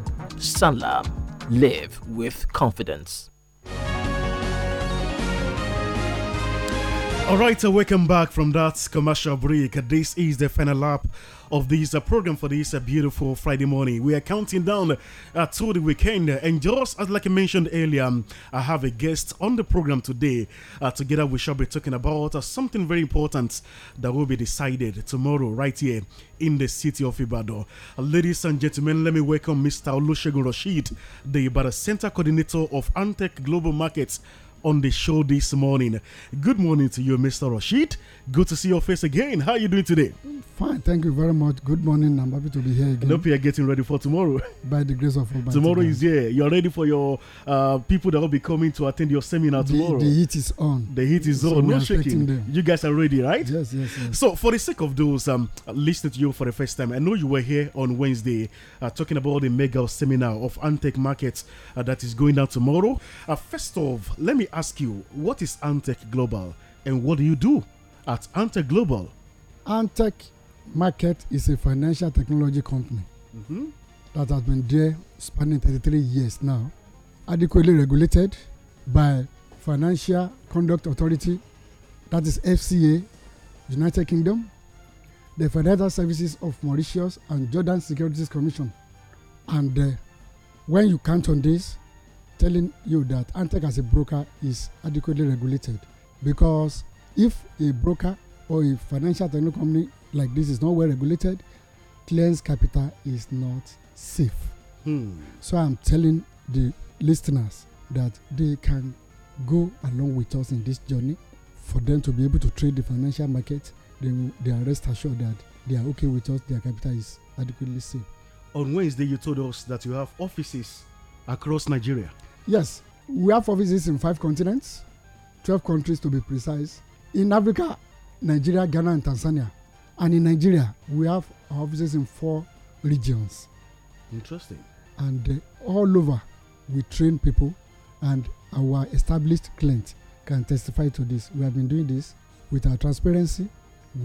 Salam. Live with confidence. All right, so welcome back from that commercial break. This is the final lap of this uh, program for this uh, beautiful Friday morning. We are counting down uh, to the weekend, and just as like I mentioned earlier, um, I have a guest on the program today. together, we shall be talking about something very important that will be decided tomorrow, right here in the city of Ibadan. ladies and gentlemen, let me welcome Mr. Olusegun Rashid, the Ibadan Center Coordinator of Antec Global Markets on the show this morning. Good morning to you, Mr. Rashid. Good to see your face again. How are you doing today? Fine, thank you very much. Good morning. I'm happy to be here again. I hope you are getting ready for tomorrow. [LAUGHS] By the grace of God. Tomorrow is here. You're ready for your uh, people that will be coming to attend your seminar tomorrow. The heat is on. The heat is so on. No shaking. Them. You guys are ready, right? Yes, yes, yes. So, for the sake of those um, listening to you for the first time, I know you were here on Wednesday uh, talking about the mega seminar of Antec Markets uh, that is going down tomorrow. Uh, first of, let me ask you, what is Antec Global and what do you do? at Antec Global. Antec Market is a financial technology company mm-hmm. that has been there spanning 33 years now, adequately regulated by Financial Conduct Authority, that is FCA, United Kingdom, the Financial Services of Mauritius, and Jordan Securities Commission. And uh, when you count on this, telling you that Antec as a broker is adequately regulated because If a broker or a financial technology company like this is not well regulated, clients' capital is not safe. Hmm. So I'm telling the listeners that they can go along with us in this journey for them to be able to trade the financial market. Then they are rest assured that they are okay with us, their capital is adequately safe. On Wednesday, you told us that you have offices across Nigeria. Yes, we have offices in five continents, twelve countries to be precise in Africa, Nigeria, Ghana, and Tanzania. And in Nigeria, we have offices in four regions. Interesting. And uh, all over, we train people, and our established clients can testify to this. We have been doing this with our transparency.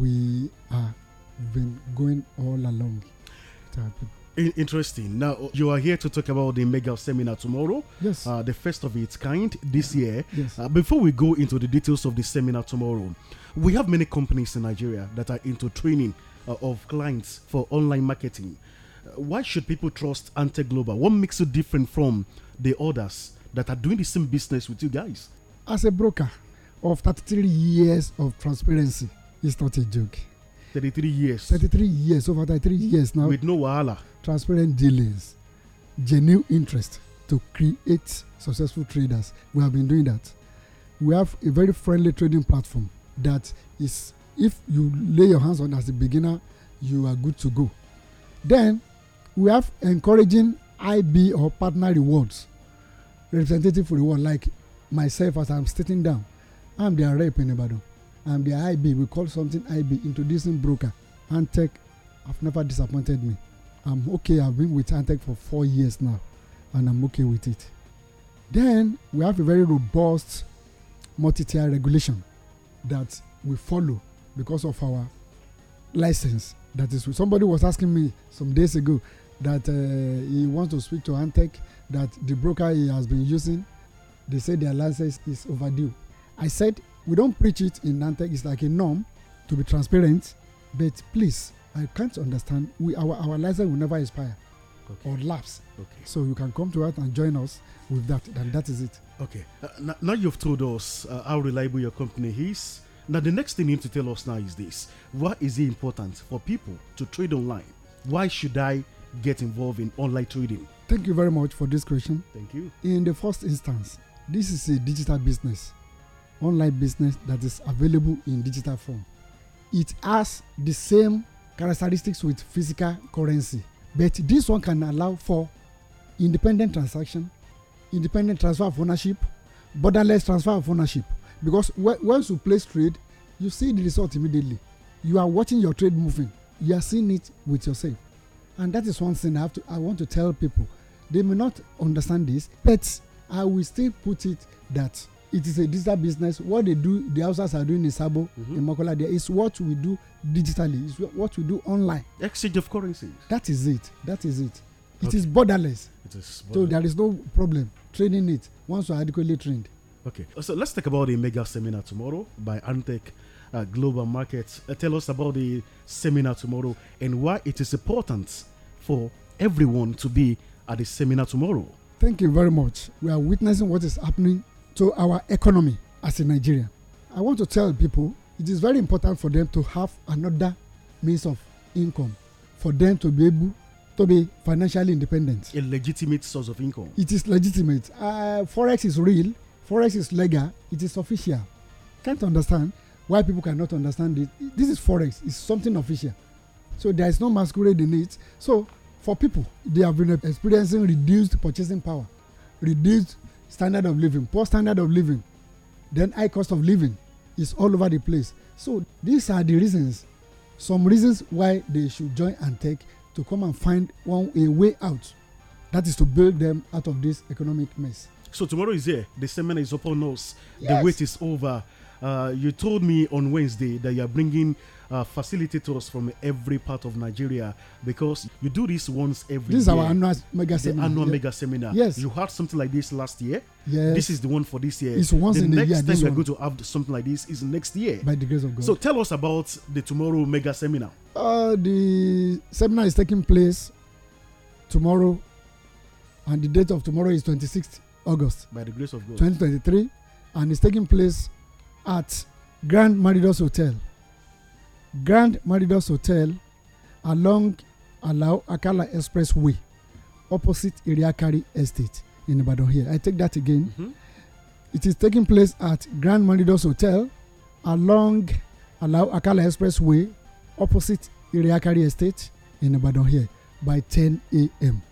We have been going all along. Interesting. Now you are here to talk about the mega seminar tomorrow. Yes. Uh, the first of its kind this year. Yes. Uh, before we go into the details of the seminar tomorrow, we have many companies in Nigeria that are into training uh, of clients for online marketing. Uh, why should people trust Ante Global? What makes you different from the others that are doing the same business with you guys? As a broker of 33 years of transparency, it's not a joke. 33 years. 33 years, over 33 mm. years now. With no wahala. Transparent dealings, genuine interest to create successful traders. We have been doing that. We have a very friendly trading platform that is, if you lay your hands on as a beginner, you are good to go. Then we have encouraging IB or partner rewards, representative reward, like myself as I'm sitting down. I'm their rep in Ibadan. I'm the IB. We call something IB, introducing broker. Antec have never disappointed me. I'm okay. I've been with Antec for four years now, and I'm okay with it. Then we have a very robust multi-tier regulation that we follow because of our license. That is, somebody was asking me some days ago that uh, he wants to speak to Antec that the broker he has been using, they say their license is overdue. I said We don't preach it in Nantec. It's like a norm to be transparent. But please, I can't understand. We our our license will never expire okay. or lapse. Okay. So you can come to us and join us with that. And that is it. Okay. Uh, now you've told us uh, how reliable your company is. Now the next thing you need to tell us now is this: Why is it important for people to trade online? Why should I get involved in online trading? Thank you very much for this question. Thank you. In the first instance, this is a digital business. online business that is available in digital form. It has the same characteristics with physical currency, but this one can allow for independent transaction, independent transfer of ownership, borderless transfer of ownership. Because wh once you place trade, you see the result immediately. You are watching your trade moving. You are seeing it with yourself, and that is one thing I have to. I want to tell people. They may not understand this, but I will still put it that it is a digital business what they do the outsiders are doing in sabo mm-hmm. in mokola there is what we do digitally is what we do online exchange of currencies that is it that is it It okay. is borderless it is borderless. so there is no problem training it once you are adequately trained okay so let's talk about the mega seminar tomorrow by antec uh, global markets uh, tell us about the seminar tomorrow and why it is important for everyone to be at the seminar tomorrow thank you very much we are witnessing what is happening to our economy as a Nigerian. I want to tell people it is very important for them to have another means of income for them to be able to be financially independent. A legitimate source of income. It is legitimate. Uh, forex is real. Forex is legal. It is official. Can't understand why people cannot understand it. This is forex. It's something official. So there is no masquerade in it. So for people, they have been experiencing reduced purchasing power, reduced standard of living, poor standard of living, then high cost of living is all over the place. So these are the reasons, some reasons why they should join and take to come and find one a way out. That is to build them out of this economic mess. So tomorrow is here. The seminar is upon us. Yes. The wait is over. Uh, you told me on Wednesday that you are bringing uh, facility from every part of Nigeria because you do this once every this year. is our annual mega seminar. Annual yeah. mega seminar. Yes. You had something like this last year. Yes. This is the one for this year. It's once the in a year. The next time we're going to have something like this is next year. By the grace of God. So tell us about the tomorrow mega seminar. Uh, the seminar is taking place tomorrow, and the date of tomorrow is 26th August. By the grace of God. 2023, and it's taking place at Grand Maridos Hotel. Grand Maridos Hotel along Alao Akala Expressway, opposite Iriakari Estate in Ibadan here. I take that again. Mm-hmm. It is taking place at Grand Maridos Hotel along Alao Akala Expressway, opposite Iriakari Estate in Ibadan here by 10 a.m.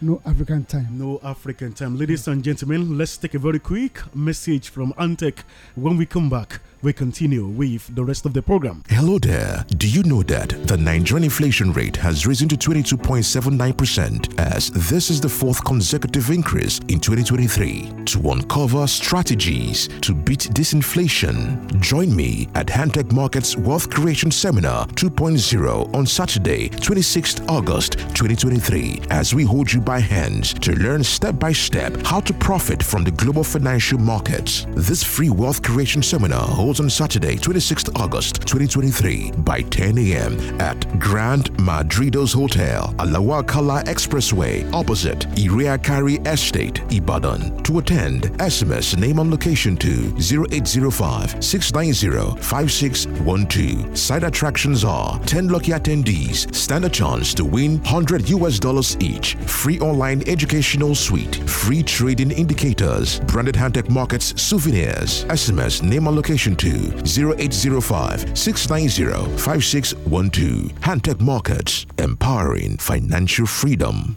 No African time. No African time. Ladies and gentlemen, let's take a very quick message from Antec when we come back. we continue with the rest of the program. Hello there. Do you know that the Nigerian inflation rate has risen to 22.79% as this is the fourth consecutive increase in 2023? To uncover strategies to beat this inflation, join me at HandTech Markets Wealth Creation Seminar 2.0 on Saturday, 26th August 2023, as we hold you by hands to learn step by step how to profit from the global financial markets. This free wealth creation seminar holds on Saturday, 26th August 2023 by 10 a.m. at Grand Madridos Hotel, Alawakala Expressway, opposite Iriakari Estate, Ibadan. To attend, SMS name on location to 0805 690 5612. Side attractions are 10 lucky attendees stand a chance to win 100 US dollars each, free online educational suite, free trading indicators, branded handtech markets souvenirs. SMS name on location 212 0805 690 5612. Hantech Markets, empowering financial freedom.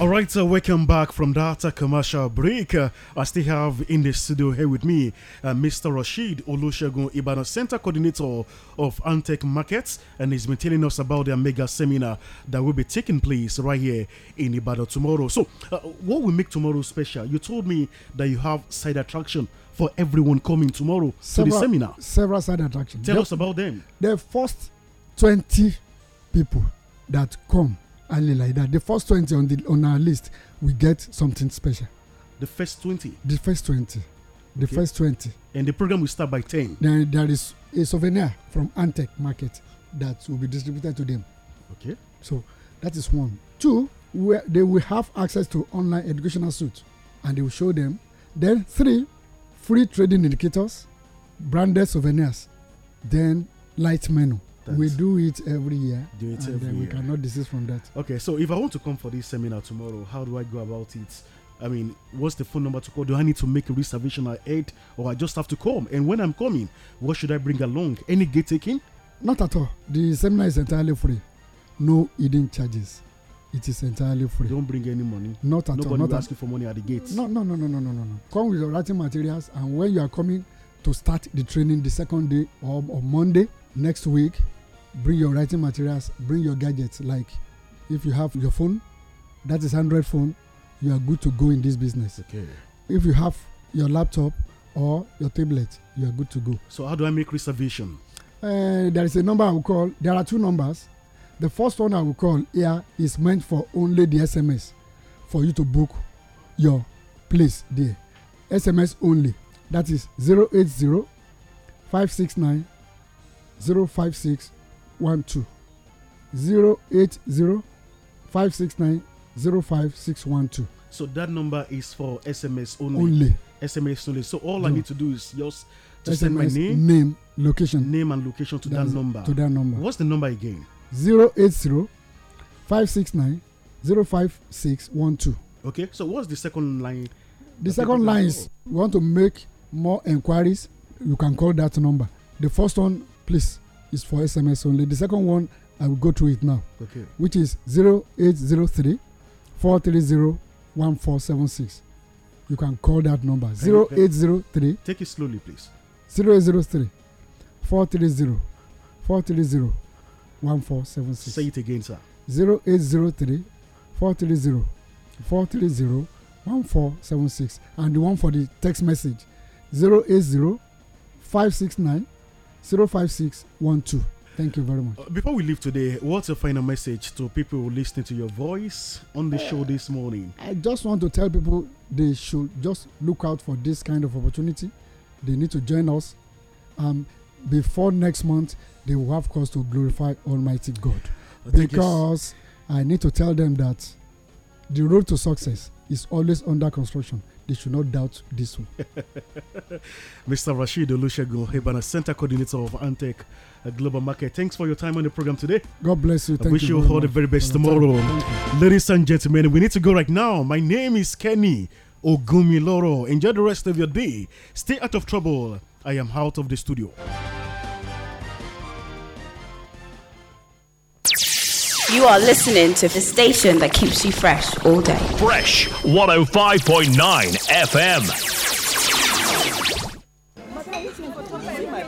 All right, so uh, welcome back from that uh, commercial break. Uh, I still have in the studio here with me uh, Mr. Rashid Olusegun Ibano, Center Coordinator of Antec Markets, and he's been telling us about their mega seminar that will be taking place right here in Ibadan tomorrow. So, uh, what will make tomorrow special? You told me that you have side attraction for everyone coming tomorrow several, to the seminar. Several side attractions. Tell the, us about them. The first 20 people that come early like that, the first 20 on, the, on our list, we get something special. The first 20? The first 20. The okay. first 20. And the program will start by 10. Then there is a souvenir from Antec Market that will be distributed to them. Okay. So that is one. Two, they will have access to online educational suite and they will show them. Then three, free trading indicators, branded souvenirs, then light menu. That's we do it every year. Do it every year. We cannot desist from that. Okay, so if I want to come for this seminar tomorrow, how do I go about it? I mean, what's the phone number to call? Do I need to make a reservation at 8 or I just have to come? And when I'm coming, what should I bring along? Any gate taking? Not at all. The seminar is entirely free. No hidden charges. It is entirely free. Don't bring any money. Not at Nobody all. Nobody will ask you for money at the gate. No, no, no, no, no, no, no. Come with your writing materials, and when you are coming to start the training the second day or, or Monday next week, bring your writing materials, bring your gadgets. Like if you have your phone, that is Android phone, you are good to go in this business. Okay. If you have your laptop or your tablet, you are good to go. So how do I make reservation? Uh, there is a number I will call. There are two numbers. The first one I will call here is meant for only the SMS for you to book your place there. SMS only. That is zero zero zero zero zero eight eight five five five six six six nine one two nine zero five six one two. So that number is for SMS only. Only. SMS only. So all no. I need to do is just to SMS send my name, name, location, name and location to that, that number. To that number. What's the number again? zero eight zero five six nine zero five six one two. okay so what's the second line. the second line is we want to make more enquiries you can call that number the first one please is for sms only the second one i will go through it now. okay which is zero eight zero three four three zero one four seven six you can call that number zero eight zero three. take it slowly please. zero eight zero three four three zero four three zero One four seven six. Say it again, sir. Zero zero zero, zero, eight three, three three four four one four seven six, And the one for the text message zero zero, zero eight five five six nine, six one two. Thank you very much. Uh, before we leave today, what's your final message to people listening to your voice on the uh, show this morning? I just want to tell people they should just look out for this kind of opportunity. They need to join us. Um, before next month, they will have cause to glorify Almighty God. because I need to tell them that the road to success is always under construction. They should not doubt this one. [LAUGHS] Mr. Rashid Olushego, Hebana Center Coordinator of Antec uh, Global Market. Thanks for your time on the program today. God bless you. Thank I wish you, you all the very best tomorrow. Ladies and gentlemen, we need to go right now. My name is Kenny Ogumiloro. Enjoy the rest of your day. Stay out of trouble. I am out of the studio. You are listening to the station that keeps you fresh all day. Fresh 105.9 FM.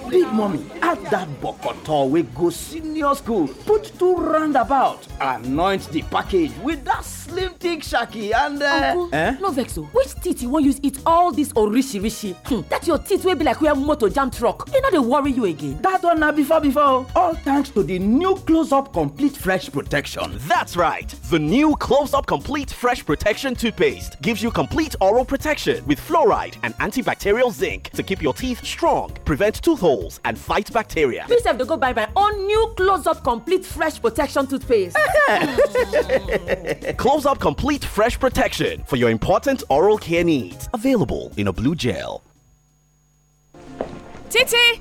Big mommy, add that bokoto we go senior school. Put two roundabout. Anoint the package with that slim thick shaki and. Uh, uncle eh? no vex o which teeth you wan use eat all this orishi hmm. that your teeth wey be like where motor jam truck e no dey worry you again. that one na before before all thanks to the new close up complete fresh protection. that's right the new close up complete fresh protection toothpaste gives you complete oral protection with fluoride and antibacterial zinc to keep your teeth strong prevent tooth holes and fight bacteria. me sef dey go buy my own new close up complete fresh protection toothpaste. close [LAUGHS] [LAUGHS] rolls up complete fresh protection for your important oral care needs. Available in a blue gel. Titi!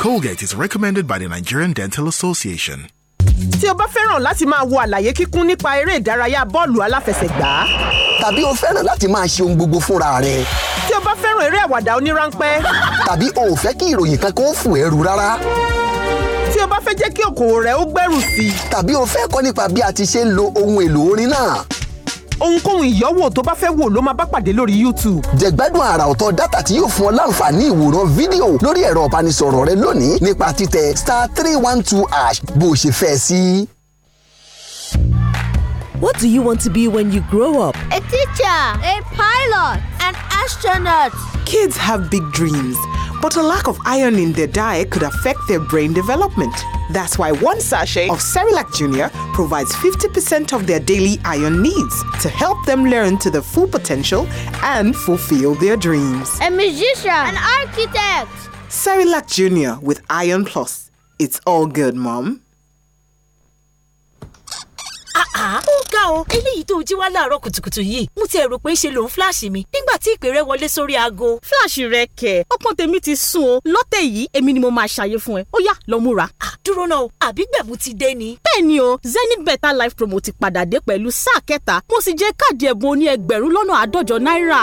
Colgate is recommended by the Nigerian Dental Association. Tí o bá fẹ́ràn láti máa wo àlàyé kíkún nípa eré ìdárayá bọ́ọ̀lù aláfẹsẹ̀gbá. Tàbí o fẹ́ràn láti máa ṣe ohun gbogbo fúnra rẹ̀. Tí o bá fẹ́ràn eré àwàdà oníránpẹ́. Tàbí o ò fẹ́ kí ìròyìn kan kó fò ẹrù rárá tí o bá fẹ́ jẹ́ kí okòwò rẹ ó gbèrú sí tàbí o fẹ́ kọ́ nípa bí a ti ṣe ń lo ohun èlò orin náà ohunkóhun ìyọ́wò tó bá fẹ́ wò ló máa bá pàdé lórí YouTube. jẹ̀gbádùn àrà ọ̀tọ̀ dátà tí yóò fún ọ láǹfààní ìwòran fídíò lórí ẹ̀rọ ìbánisọ̀rọ̀ rẹ lónìí nípa títẹ̀ star three one two hash bó o ṣe fẹ́ sí. What do you want to be when you grow up? A teacher, a pilot, an astronaut. Kids have big dreams, but a lack of iron in their diet could affect their brain development. That's why one sachet of Cerilac Junior provides 50% of their daily iron needs to help them learn to their full potential and fulfill their dreams. A musician, an architect. Cerilac Junior with Iron Plus. It's all good, Mom. ó ga o eléyìí tó jí wá láàárọ̀ kùtùkùtù yìí mo ti rò pé ṣe lòun fíláàṣì mi nígbà tí ìpè rẹ wọlé sórí aago. fíláàṣì rẹ kẹ ọpọ́n tèmi ti sùn o lọ́tẹ̀ yìí èmi ni mo máa ṣàyè fún ẹ ó yá lọ múra. dúró náà o àbí gbẹ̀mú ti dé ni. bẹ́ẹ̀ni o zenith better life promo ti padà dé pẹ̀lú sáà kẹta mo sì jẹ káàdì ẹ̀bùn oní ẹgbẹ̀rún lọ́nà àádọ́jọ náírà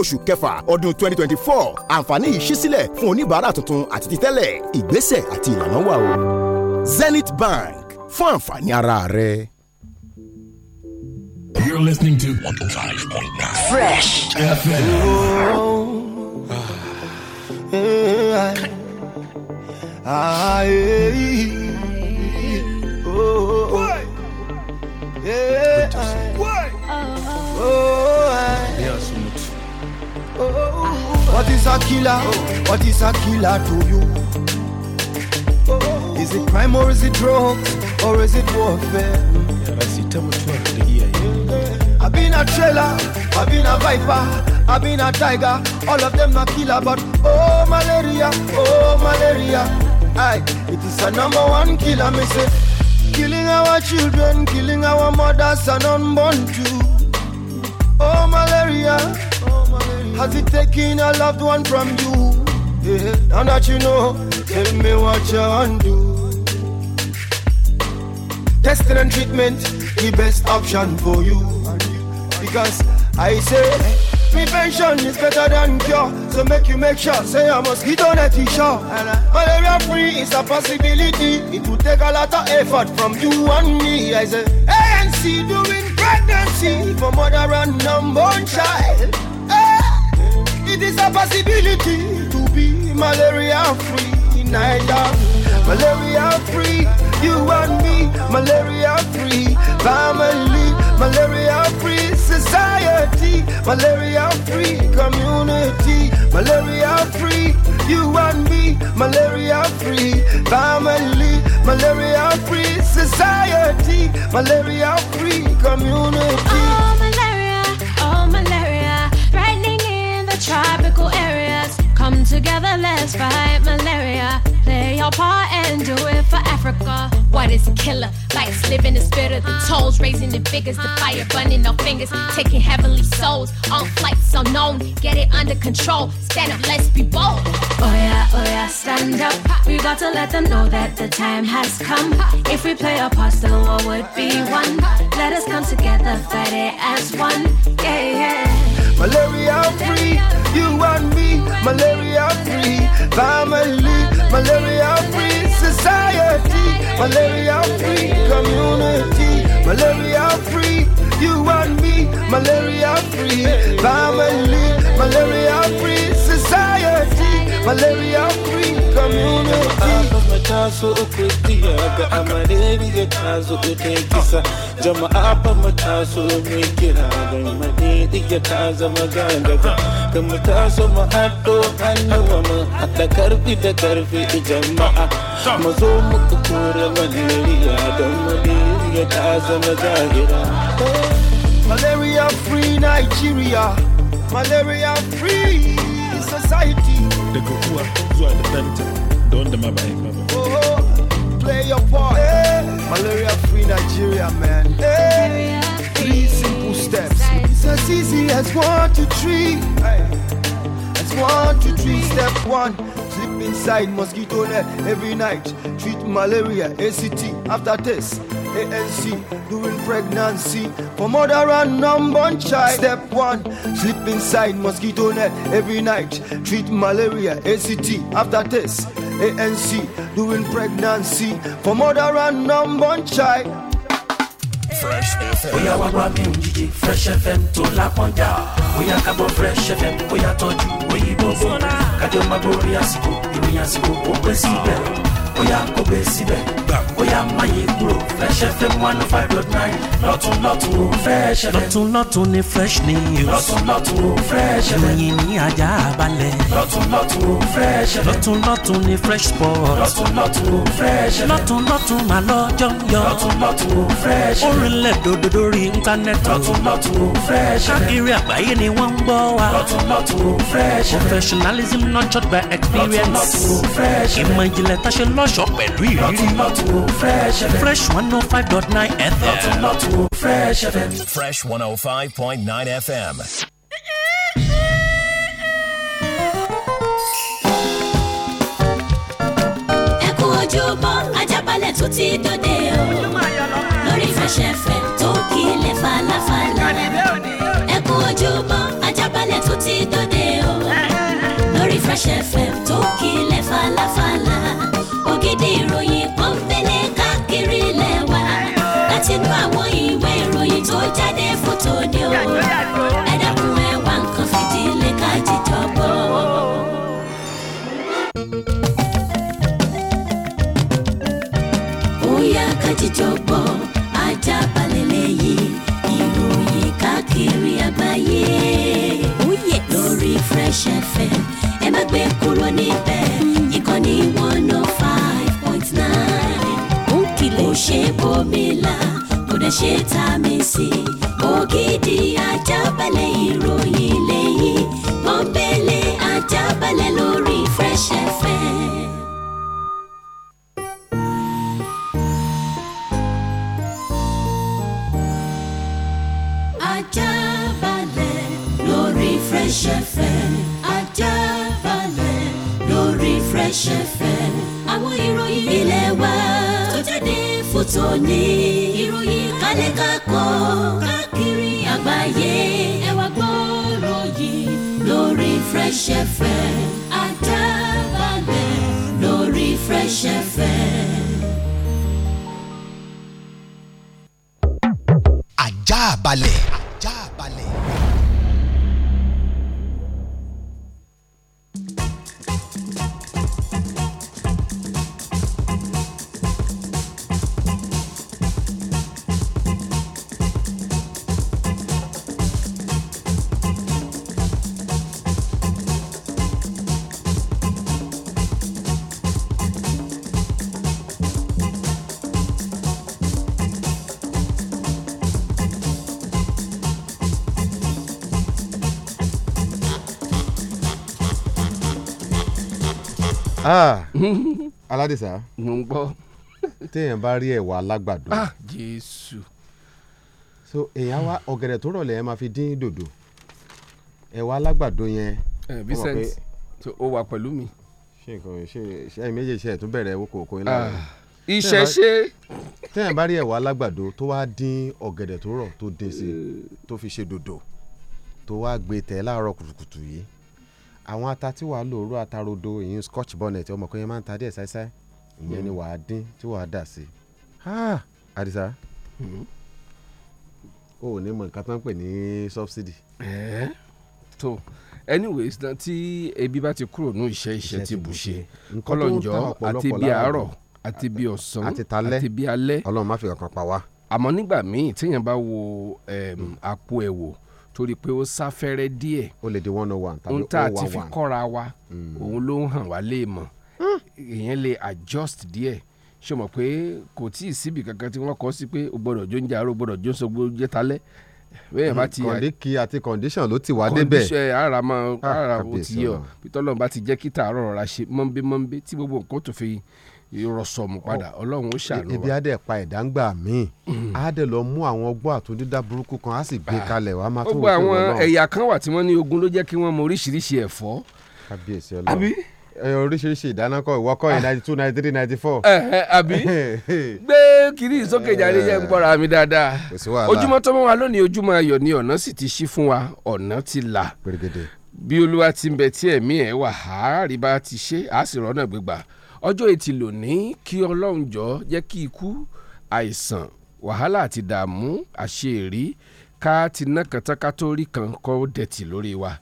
oṣù kẹfà ọdún 2024 àǹfààní yìí ṣí sílẹ̀ fún oníbàárà tuntun àti títẹ́lẹ̀ ìgbésẹ̀ àti ìlànà wà o. Zenith Bank fún àǹfààní ara rẹ. You're listening to 105.9 Fresh FM. Oh, oh, yeah, ah, yeah, oh, oh, oh, oh, What is a killer? What is a killer to you? Is it crime or is it drugs or is it warfare? I've been a trailer, I've been a viper, I've been a tiger. All of them a killer, but oh malaria, oh malaria. Aye, it is a number one killer, me say. Killing our children, killing our mothers and unborn too. Oh malaria. Has it taken a loved one from you? Yeah, and that you know, tell me what you undo. Testing and treatment, the best option for you. Because I say, Prevention is better than cure, so make you make sure. Say a mosquito net is sure. Malaria free is a possibility. It will take a lot of effort from you and me. I say ANC doing pregnancy for mother and unborn child. It is a possibility to be malaria free in Nigeria. Malaria free, you and me. Malaria free, family. Malaria free society. Malaria free community. Malaria free, you and me. Malaria free family. Malaria free society. Malaria free community. tropical areas. Come together, let's fight malaria. Play your part and do it for Africa. What is a killer? Life's living the spirit of the tolls, raising the figures, the fire burning our fingers, taking heavenly souls on flights unknown. Get it under control. Stand up, let's be bold. Oh yeah, oh yeah, stand up. We got to let them know that the time has come. If we play our part, the war would be won. Let us come together, fight it as one. Yeah, yeah malaria free. You and me, malaria free. Family, malaria free. Society, malaria free. Community, malaria free. You and me, malaria free. Family, malaria free. Society, malaria free malaria free nigeria malaria free society Oh, oh, play your part hey. malaria free nigeria man hey. three simple steps it's as easy as one two three hey. as one two three step one sleep inside mosquito net every night treat malaria act after test ANC during pregnancy for mother and unborn child. Step one, sleep inside mosquito net every night. Treat malaria, ACT after test. ANC during pregnancy for mother and unborn child. Fresh FM. Bóyá wá wá mi ò yíyí Fresh FM tó lápọ́njà. Bóyá kábọ̀ Fresh FM bóyá tọ́jú òyìnbó bò. Kájọ máa borí àsìkò ní àsìkò ó pé síbẹ̀ ó yá kó pé síbẹ̀ ó yá máyé kúrò fresh fm one oh five dot nine lọ́tún ó fresh fm. lọ́tún ni fresh news. lọ́tún ó fresh fm. lóyìn ní ajá balẹ̀. lọ́tún ó fresh fm. lọ́tún ni fresh sport. lọ́tún ó fresh fm. lọ́tún lọ́tún lọ́jọ́ ń yọ. lọ́tún ó fresh fm. orinlẹ̀ dòdò lórí íńtánẹ́ẹ̀tì. lọ́tún ó fresh fm. káàkiri àgbáyé ni wọ́n ń gbọ́ wa. lọ́tún ó fresh fm. professionalism nurtured by experience. lọ́tún lọ́tún ìmọ̀ ìjìnlẹ̀ tá a ṣe lọ́ṣọ̀ọ́ pẹ̀lú ìrírí fresh one oh five dot nine fm fresh one oh five point nine fm. Oh ẹ kú ojúbọ ajábalẹ̀ tó ti dòde o lórí fresh fm tó kílẹ̀ falafala ẹ kú ojúbọ ajábalẹ̀ tó ti dòde. Fresh FM tó kílẹ̀ falafala ògidì ìròyìn kan fẹlẹ̀ káàkiri ilẹ̀ wa láti inú àwọn ìwé ìròyìn tó jáde fótó ni o ẹ dákun ẹ wá nǹkan fìdílé ká bóyá ká jíjọ lẹ́yìn ìròyìn káàkiri àgbáyé oh, lórí Fresh FM má kúrò níbẹ̀ ìkànnì one oh five point nine. ó kìlẹ̀ ó ṣe bòmílà kò dẹ̀ ṣe tá a mi sí. ògidì ajábalẹ̀ ìròyìn lẹ́yìn pọ́npẹ́lẹ́ ajábalẹ̀ lórí Fresh FM. Fresh FM. Fresh FM àwọn ìròyìn ilé wa tó jáde fún tòní ìròyìn kálẹ̀ kakọ́ káàkiri àgbáyé ẹ wá gbọ́rọ̀ yìí lórí Fresh FM àdábàgbẹ̀ lórí Fresh FM. àjà balẹ̀. Ah. Ah. [LAUGHS] aládìsá. mo ń gbọ́. téèyàn bá rí ẹ̀wà alágbàdo. ah jésù. so èèyàn wa ọ̀gẹ̀dẹ̀ tó rọ̀lẹ́ ẹ máa fi dín dòdò ẹ̀wà alágbàdo yẹn. Eh, Vincent o wà pẹ̀lú mi. ṣé nǹkan ṣe ṣe méjèèjì ẹ̀ tún bẹ̀rẹ̀ owó kòkó yín lára ah, ìṣẹ̀ṣe. tẹ́yìn bá rí ẹ̀wà alágbàdo tó wá dín ọ̀gẹ̀dẹ̀ tó rọ̀ tó dín sí tó fi ṣe dòdò tó wá gbé tẹ̀ láàárọ̀ kùtùkùtù yìí àwọn ata tí wàá lò rú ata rodo ìyẹn scotch bonnet ọmọ kan yẹn máa ń ta díẹ̀ ṣáíṣáí ìyẹn ni wàá dín tí wàá dà sí i àdìsá hmm. o ò ní mọ nǹkan tó ń pè ní subsidy. tó anyways náà tí ebi bá ti kúrò ní iṣẹ́ iṣẹ́ ti bù ṣe kọ́lọ̀njọ́ àti bí àárọ̀ àti bí ọ̀sán àti bí alẹ́ ọlọ́run má fi kankan pa wá. àmọ́ nígbà míì téèyàn bá wo àpò ẹ̀wò. E torí pé ó sáfẹ́rẹ́ díẹ̀ ó lè di one oh one tàbí one one ohun ti fi oh kọ́ra wa hmm. òun ló ń hàn wá lè mọ̀ èèyàn hmm. lè adjust díẹ̀ ṣe mọ̀ pé kò tí ì síbi kankan tí wọ́n kọ́ sí pé o gbọ́dọ̀ jó ń jà aró o gbọ́dọ̀ jó ń sọ jẹ́ talẹ́ bẹ́ẹ̀ bá ti kọ̀ǹdíkì àti kọ̀ǹdíṣàn ló ti wá débẹ̀ kọ̀ǹdíṣàn ara mọ ah, ara ò ti yọ bí tọ́lọ́run bá ti jẹ́ kí tààrọ̀ rọra ṣe mọ́nbé mọ́nbé tí gbogbo nǹkan tó fi ìrọ̀sọ̀mù padà ọlọ́run ó ṣàánú wa. ibi adé pa ìdáǹgbà míì hmm. á dẹ̀ lọ mú àwọn ọgbọ́n àtúndídá burúkú kan á sì gbé kalẹ̀ wá máa tó wọ́n lọ́wọ́. ó gba àwọn ẹ̀yà kan wà tí wọ́n ní ogun ló jẹ́ kí wọ́n mọ oríṣiríṣi ẹ̀fọ́. kábíyèsí ọlọ́run oríṣiríṣi ìdáná ìwọ kọ yẹn ah. ninety two ninety three ninety four. Eh, eh, àbí [LAUGHS] gbé kiri ìsókè ìjàre yẹn ń gbọ́ra mi dáadáa ojúmọ́ tó mọ́ wa lónìí ojúmọ́ ayọ̀ ni ọ̀nà sì ti ṣí fún wa ọ̀nà ti là bí olúwa ti ń bẹ tí ẹ̀mí ẹ̀ wà á rí bá ti ṣe á sì rọ́nà gbégbà ọjọ́ etí lòní kí ọlọ́run jọ jẹ́ kí ikú àìsàn wàhálà àti dààmú àṣeèrí ká ti ná kàtàkàtòrí kan kọ́ dẹ̀tì lórí wa.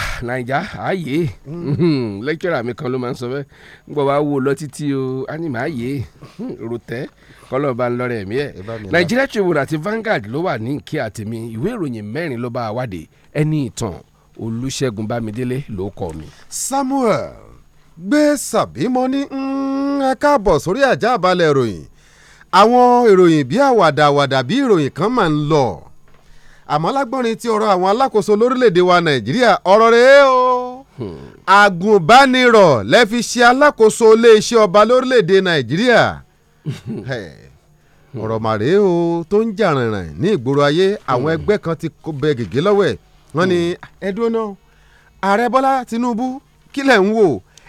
Ah, naija ààyè hmm, lẹ́kítọ́rà mi kan ló máa ń sọ bẹ́ẹ̀ ń gbọ́ wá wò lọ títí o ánìmọ̀ ààyè hmm, rotẹ́ kọ́lọ́ bá ń lọ́rẹ̀ ẹ̀mí ẹ̀. Nigeria Tribune àti Vanguard ló wà ní ìkí àtẹ̀mí ìwé ìròyìn mẹ́rin ló bá a wádìí ẹni ìtàn Olúṣẹ́gun Bámidélé ló kọ mi. Samuel gbé sàbímọ ní mm, ẹ káàbọ̀ sórí àjà àbálẹ̀ ìròyìn àwọn ìròyìn bí àwàdà àwàdà bí ìròyìn kan máa ń lọ àmọ́ lágbọ́nrin tí ọ̀rọ̀ àwọn alákòóso lórílẹ̀‐èdè wa nàìjíríà ọ̀rọ̀ rẹ̀ o àgùnbánirọ̀ lẹ́ fi ṣe alákòóso iléeṣẹ́ ọba lórílẹ̀‐èdè nàìjíríà [LAUGHS] ọ̀rọ̀ màrè o tó ń jà rìnrìn ní ìgboro ayé àwọn hmm. ẹgbẹ́ kan ti bẹ gègé lọ́wẹ̀ wọ́n ní hmm. ẹ̀dùn náà ààrẹ bọ́lá tinubu kílẹ̀ ń wò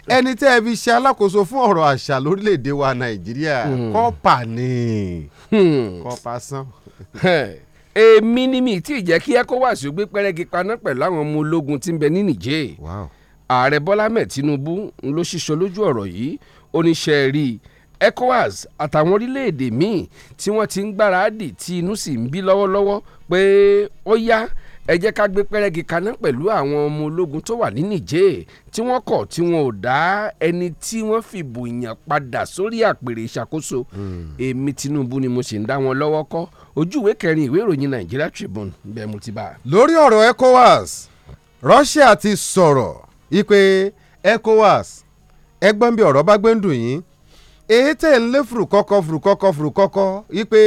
ẹni tẹ́ ẹ fi ṣe alákòóso fún ọ̀rọ̀ àṣà lórílẹ̀‐èdè wa nàìjíríà hmm. kọ́pà ni hmm. kọ́pà sàn. èmi ni mi tí ì jẹ́ kí ECOWAS gbé pẹ́rẹ́gì paná pẹ̀lú àwọn ọmọ ológun tí ń bẹ ní nìjẹ́ ààrẹ bọ́lá mẹ́ẹ̀ tinubu ló ṣiṣọ́ lójú ọ̀rọ̀ yìí oníṣẹ́ rí ECOWAS àtàwọn orílẹ̀-èdè míì tí wọ́n ti ń gbáradì tí inú sì ń bí lọ́wọ́lọ́wọ́ pé ó yá ẹ jẹ́ ká gbé pẹ́rẹ́gì kaná pẹ̀lú àwọn ọmọ ológun tó wà ní Niger tí wọ́n kọ̀ tí wọn ò dá ẹni tí wọ́n fìbò yàn padà sórí àpèrè ìṣàkóso hmm. èmi Tinubu ni mo sì ń dá wọn lọ́wọ́ kọ́ ojú ìwé kẹrin ìwé ìròyìn Nigeria Tribune bẹ́ẹ̀ mo ti bá lórí ọ̀rọ̀ ECOWAS Russia ti sọ̀rọ̀ ipe ECOWAS ẹgbọ́n bí ọ̀rọ̀ bá gbé ń dùn yín èyí tẹ̀ ń lé fùrùkọ́kọ́ fùrùkọ́kọ́ fùrùkọ́kọ́ ipe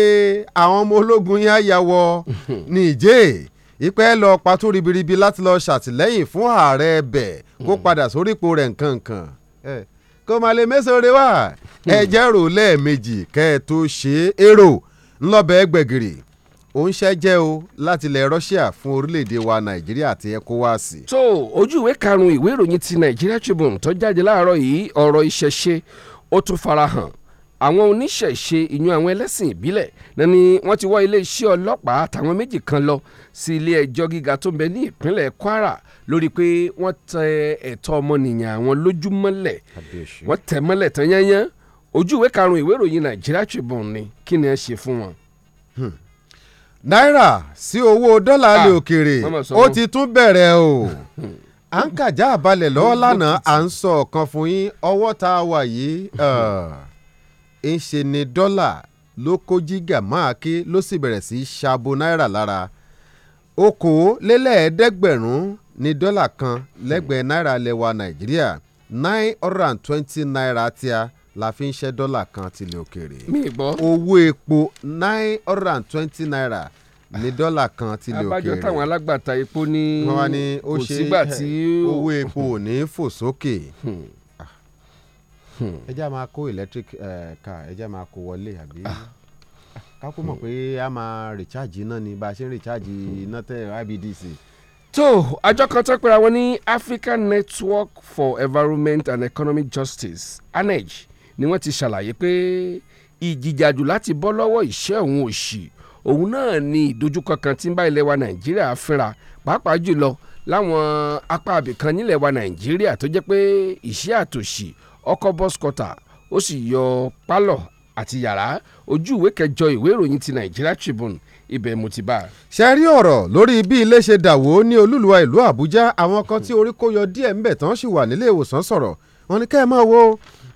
àwọn ọmọ ológun yẹn yà wọ [LAUGHS] Niger ìpẹ́ lọ patú ribiribi láti lọ ṣàtìlẹ́yìn fún ààrẹ ẹbẹ̀ kó hmm. padà sórípo rẹ̀ nkankan kó má lè mẹ́sàn-án wá hmm. ẹ̀jẹ̀ rò lẹ́ẹ̀mejì kẹ́ ẹ tó ṣe é èrò ńlọ́bẹ̀ẹ́ gbẹ̀gìrì ó ń ṣẹ́jẹ́ o láti ilẹ̀ Russia fún orílẹ̀-èdè wa Nàìjíríà àti ECOWAS. tó ojú ìwé karùn-ún ìwé ìròyìn ti Nigeria Tribune tó jáde láàárọ̀ yìí ọ̀rọ̀ ìṣẹ̀ṣe ó tún farahàn àwọn oníṣẹ̀ṣe ìyún àwọn ẹlẹ́sìn ìbílẹ̀ náà ni wọ́n ti wọ́ iléeṣẹ́ ọlọ́pàá àtàwọn méjì kan lọ sí ilé ẹjọ́ gíga tó ń bẹ ní ìpínlẹ̀ Kwara lórí pé wọ́n tẹ ẹ̀tọ́ ọmọnìyàn àwọn lójúmọ́lẹ̀ wọ́n tẹ̀ mọ́lẹ̀ tán yányán ojú ìwé karùn-ún ìwé ìròyìn Nàìjíríà Tribune ni kí ni ẹ ṣe fún wọn. Hmm. náírà sí owó dọ́là ilẹ̀ ah, òkèèrè ó ti tún bẹ̀rẹ̀ o hmm. à ń kàjá àbalẹ̀ lọ́wọ́ lánàá à ń sọ ọ̀kan fún yín ọwọ́ tá a wà yìí. Uh, ńṣe ni dọ́là ló kó jígà máàkì ló sì bẹ̀rẹ̀ sí í ṣabo náírà lára okòólélẹ́ẹ̀ẹ́dẹ́gbẹ̀rún ní dọ́là kan lẹ́gbẹ̀ẹ́ náírà lẹwa nàìjíríà nine hundred and twenty naira tíá la fi ń ṣẹ́ dọ́là kan tilẹ̀ òkèèrè owó epo nine hundred and twenty naira ní dọ́là kan tilẹ̀ òkèèrè abájọ táwọn alágbàtà epo ní kò sígbà tí [LAUGHS] owó epo ò ní fò sókè. Hmm ẹ jẹ́ máa kó electric car ẹ jẹ́ máa kó wọlé àbí ah. ká kó mọ̀ pé a máa recharge iná ni bá a ṣe ń recharge iná tẹ IBDC. tó àjọ kan tó pera wọn ní African Network for Environment and Economic Justice ANEJ ni wọ́n ti ṣàlàyé pé ìjìjàjù láti bọ́ lọ́wọ́ ìṣẹ́ òun òṣì òun náà ni ìdojúkọ kan tí ń bá ilẹ̀ wa Nàìjíríà fínra pàápàá jùlọ láwọn apá abìkan nílẹ̀ wa nàìjíríà tó jẹ́ pé ìṣẹ́ àtòṣì ọkọ̀ bọ́sikọ́tà ó sì yọ pálọ̀ àti yàrá ojú ìwé kẹjọ ìwé ìròyìn ti Nigeria Tribune ibẹ̀ mo ti bá a. ọ̀rọ̀ lórí bí ilé ṣe dàwó ní olúluwa ìlú Àbújá àwọn kan tí orí kó yọ díẹ̀ ńbẹ̀ tán sì wà nílé ìwòsàn sọ̀rọ̀ wọn ni kẹ́ máa wo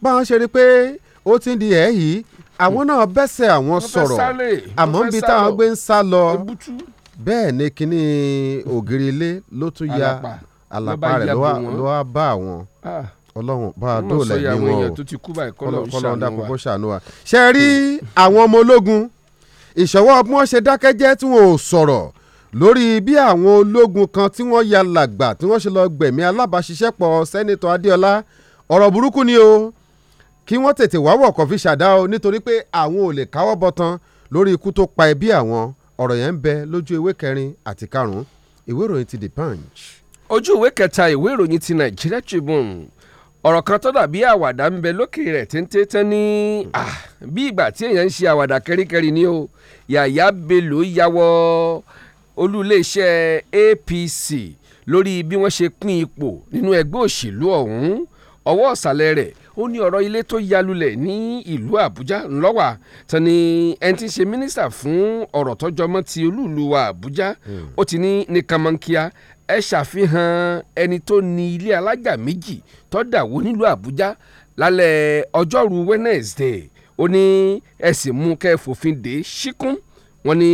báwọn ṣe rí pé ó ti ń di ẹ̀ yìí àwọn náà bẹ́sẹ̀ àwọn sọ̀rọ̀ àmọ́ ń bi táwọn gbé ń sá lọ bẹ́ẹ̀ ni kínní ògiri ilé ló tún ya àlàpà rẹ̀ ló wá bá àwọn ah. ọlọ́run bá a dóòlà ẹ̀mí wọn o kọ́lọ́n dàpọ̀ kó ṣàánú wa. ṣe rí àwọn ọmọ ológun ìṣọwọ́ bí wọ́n ṣe dákẹ́jẹ́ tí wọn ò sọ̀rọ̀ lórí bí àwọn ológun kan tí wọ́n ya làgbà tí wọ́n ṣe lọ gbẹ̀mí alábàáṣiṣẹ́pọ̀ sẹ́nitọ̀ adéọlá ọ̀rọ̀ burúkú ni o kí wọ́n tètè wáwọ̀ kọ́ fi ṣàdá o nítorí pé àwọn ò lè káwọ́ bọ̀tán lórí ikú tó pa ẹbí àwọn ọ̀rọ̀ yẹn ń bẹ lójú ewé kẹrin àti karùn-ún ìwé ìròyìn ti The Punch. ojú ìwé kẹta ìwé ìròyìn ti Nigeria Tribune ọ̀rọ̀ kan tó dàbí àwàdà ń bẹ lókè rẹ̀ téńté tán ní bí ìgbà tí èèyàn ń ṣe àwàdà kẹ́ríkẹ́rí ni o Yàyà Bello yàwọ̀ olú-iléeṣẹ́ APC lórí bí wọ́n ṣe pín ipò nínú ẹgbẹ́ òṣèlú ọ̀hún ọwọ́ ọ̀sàlẹ̀ rẹ̀ ó ní ọ̀rọ̀ ilé tó yalulẹ̀ ní ìlú àbújá ńlọ́wà tán ni ẹni tí ń ṣe mínísítà fún ọ̀rọ̀ tọ́jọ́ mọ́ ti olúùlú wa àbújá hmm. ó ti ní ní kànmọ́nkíá ẹ ṣàfihàn ẹni tó ní ilé alájà méjì tó dàwó nílùú àbújá lálẹ́ ọjọ́rú wednesday ó ní ẹ sì mú kẹ́ fòfin dé síkún wọn ni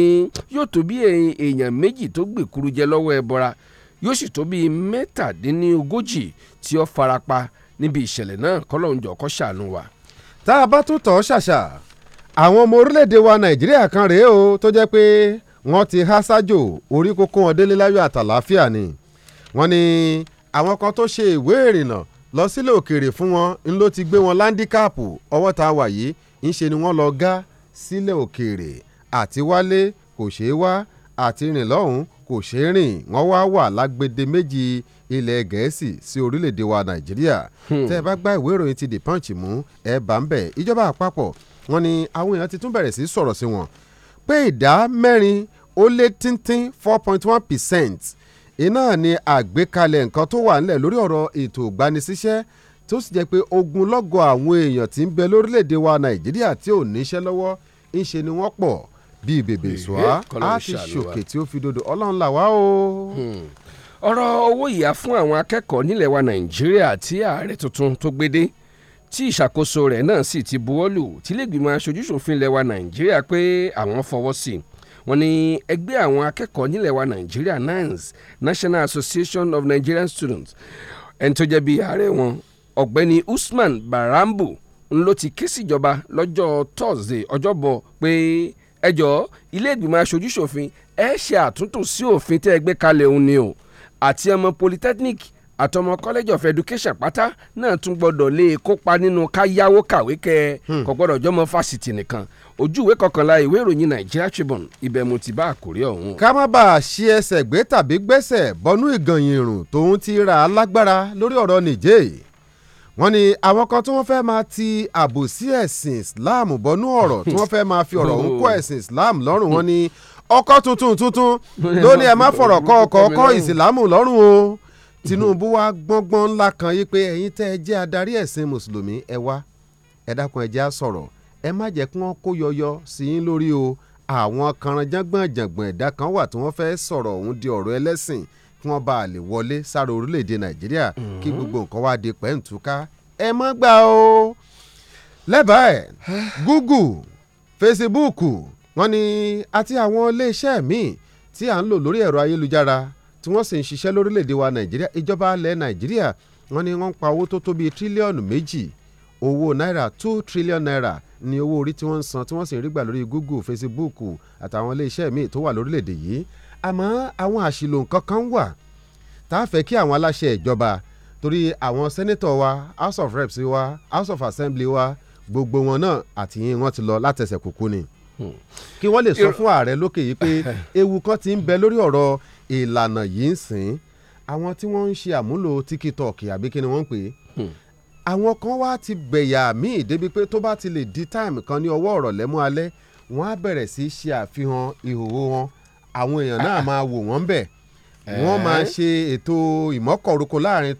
yóò tó bí èèyàn méjì tó gbèkúrú jẹ lọ́wọ́ ẹbọra yóò sì tó bí mẹ́tàdínlógójì tí ó farapa níbi ìṣẹ̀lẹ̀ náà kọ́lọ́ọ̀njọ́ kó ṣàánú wa. tá a bá tún tọ̀ ọ́ ṣàṣà àwọn ọmọ orílẹ̀-èdè wa nàìjíríà kan rèé o tó jẹ́ pé wọ́n ti há sájò orí kókó wọn délé láyọ̀ àtàlàáfíà ni wọ́n ní àwọn kan tó ṣe ìwé ìrìnnà lọ sílẹ̀ òkèèrè fún wọn ń ló ti gbé wọn láńdíkàpù ọwọ́ tá wà yìí ń ṣe ni wọ́n lọ gá sílẹ̀ òkèèrè àti wálé kò ṣeé wá àti rìn kò ṣeé rìn wọ́n wá wà lágbède méjì ilẹ̀ gẹ̀ẹ́sì sí orílẹ̀-èdè wa nàìjíríà hmm. tẹ́ ẹ bá gbá ìwé ìròyìn ti the punch mú ẹ bá ń bẹ̀ ìjọba àpapọ̀ wọn ni àwọn èèyàn ti tún bẹ̀rẹ̀ sí sọ̀rọ̀ sí wọn pé ìdá mẹ́rin ó lé tíntín four point one percent iná ni àgbékalẹ̀ nǹkan tó wà nílẹ̀ lórí ọ̀rọ̀ ètò ìgbanisíṣẹ́ tó sì jẹ́ pé ogunlọ́gọ̀ àwọn èèyàn tí ń bẹ lórílẹ̀‐èdè wa nàìjíríà tí ò níṣẹ́ lọ́wọ́ ńṣe ni wọ́n pọ̀ bíi bèbè ìṣòwò eh, á ti ṣòkè tí ó fi dodo ọlọ́run là o. Hmm ọ̀rọ̀ owó ìyá fún àwọn akẹ́kọ̀ọ́ nílẹ̀ wa nàìjíríà tí ààrẹ tuntun tó gbédé tí ìṣàkóso rẹ̀ náà sì ti buwọ́lù tílẹ̀gbìmọ̀ aṣojúṣòfin ilẹ̀ wa nàìjíríà pé àwọn fọwọ́ sí i wọ́n ní ẹgbẹ́ àwọn akẹ́kọ̀ọ́ nílẹ̀ wa nàìjíríà NANS National Association of Nigerian Students ẹni tó jẹ́ bíi ààrẹ wọn ọ̀gbẹ́ni Usman Barambu ń ló ti ké síjọba lọ́jọ́ Thursday ọjọ́bọ̀ pé ẹjọ́ ilé ìgbìmọ̀ aṣojúṣòfin ẹ ṣe àtúntò sí òfin tẹ́ ẹ gbé kalẹ̀ òun ni o àti ọmọ polytechnic àtọmọ college of education pátá náà tún gbọ́dọ̀ lè kópa nínú káyáwó kàwé kẹ hmm. kò gbọ́dọ̀ jọmọ fásitì nìkan ojú ìwé kọkànlá ìwé ìròyìn Nigeria Tribune ibẹ̀ mo ti bá àkórí ọ̀hún. ká má bàa ṣí ẹsẹ̀ gbé tàbí gbẹ́sẹ̀ bọnú ìgànyìn ìrùn tòun ti ra alágbára lórí ọ̀rọ̀ nìjẹ́ wọ́n ní àwọn kan tí wọ́n fẹ́ máa ti àbòsí ẹ̀sìn Islam bọnú ọ̀rọ̀ tí wọ́n fẹ́ máa fi ọ̀rọ̀ òun kó [LAUGHS] ẹ̀sìn Islam lọ́rùn wọn ni ọkọ tuntun tuntun ló ní ẹ má fọ̀rọ̀ kọ́ ọkọ̀ ọkọ̀ ìsìlámù lọ́rùn o Tinubu wa gbọ́ngbọ́n ńlá kan yí pé ẹ̀yin tẹ́ ẹ jẹ́ adarí ẹ̀sìn mùsùlùmí ẹ wá ẹ dákun ẹ jẹ́ á sọ̀rọ̀ ẹ má jẹ́ kí wọ́n kó yọyọ sí yín lórí o àwọn kanranjágbọ̀njàngbọ̀n ẹ̀dá kan wà tí wọ́n fẹ́ sọ̀rọ̀ ọ̀hún di ọ̀rọ̀ ẹlẹ́sìn kí wọ́n bá a lè wọlé sára orílẹ̀ Nàìjíríà kí mm-hmm. gbogbo nǹkan wá di pẹ́ǹtùká ẹ má gbà o lẹ́bàá ẹ̀ Google Facebook wọ́n ní àti àwọn iléeṣẹ́ míì tí à ń lò lórí ẹ̀rọ ayélujára tí wọ́n sì ń ṣiṣẹ́ lórílẹ̀‐èdè wa nàìjíríà ìjọba ilẹ̀ nàìjíríà wọ́n ní wọ́n pa owó tó tó bíi tírílíọ̀nù méjì owó náírà two trillion naira ni owó orí tí wọ́n ń san tí wọ́n sì ń rí gbà lórí google facebook àtàwọn iléeṣẹ́ míì tó wà lórílẹ̀‐èdè yìí àmọ́ àwọn àṣìlò nǹkan kan wà tá a fẹ́ kí àwọn aláṣẹ ìjọba torí àwọn sẹ́nẹ́tọ̀ wa house of reps wa house of assembly wa gbogbo wọn náà àtìyìn wọn ti lọ látẹsẹ̀ kúkú ni kí wọ́n lè sọ fún ààrẹ lókè yìí pé [LAUGHS] ewu kan ti ń bẹ lórí ọ̀rọ̀ ìlànà yìí ń sìn àwọn tí wọ́n ń ṣe àmúlò tiktok àbí kí ni wọ́n ń pè é hmm. àwọn kan wá ti gbẹ̀yà míì débi pé tó bá ti lè di time kan ní ọwọ́ ọ̀rọ̀ lẹ́mú alẹ́ wọ́n á bẹ̀rẹ̀ sí í ṣe àfihàn ìhòòhò wọn àwọn èèyàn náà máa wò wọ́n bẹ̀ wọ́n máa ṣe ètò ìmọ̀kọ̀rọ̀kọ̀ láàrin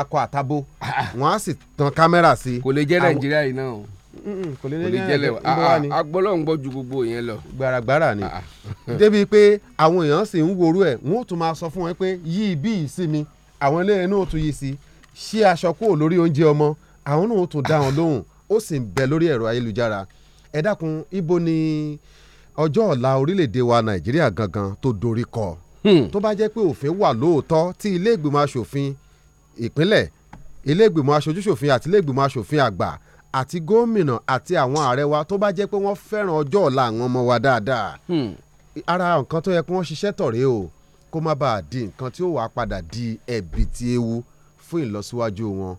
akọ àtabo [LAUGHS] wọ́n á sì tan kámẹ́rà sí kò lè jẹ́ nàìjíríà yìí náà kò lè jẹlẹ agbọlọrun gbọ ju gbogbo yẹn lọ. gbàràgbàrà ni ah, ah. [LAUGHS] débi pé àwọn èèyàn sì ń worú ẹ wọn ò tún máa sọ fún wọn pé yí bí yìí sí mi àwọn ilé ẹni ò tún yìí sí ṣí aṣọ kúrò lórí oúnjẹ ọmọ àwọn náà ò tún dá wọn lóhùn ó sì ń bẹ lórí ẹ̀rọ ayélujára ẹ dákun ibo ni ọjọ́ ọ̀la orílẹ̀-èdè wa nàìjíríà gangan tó dorí kọ hmm. tó bá jẹ́ pé òfin wà lóòótọ́ tí ilé ìgbìmọ̀ asòfin ìpínlẹ̀ ilé ìgbìmọ̀ aṣojúṣòfin àti ilé ìgbìmọ̀ asòfin àgbà àti gómìnà àti àwọn ààrẹ wa tó bá jẹ́ pé wọ́n fẹ́ràn ọjọ́ ọ̀la àwọn ọmọ wa dáadáa hmm. ara nǹkan tó yẹ kí wọ́n ṣiṣẹ́ tọ̀rẹ́ o kó má bàa di nǹkan tí ó wàá padà di ẹ̀bì tí ewu fún ìlọsíwájú wọn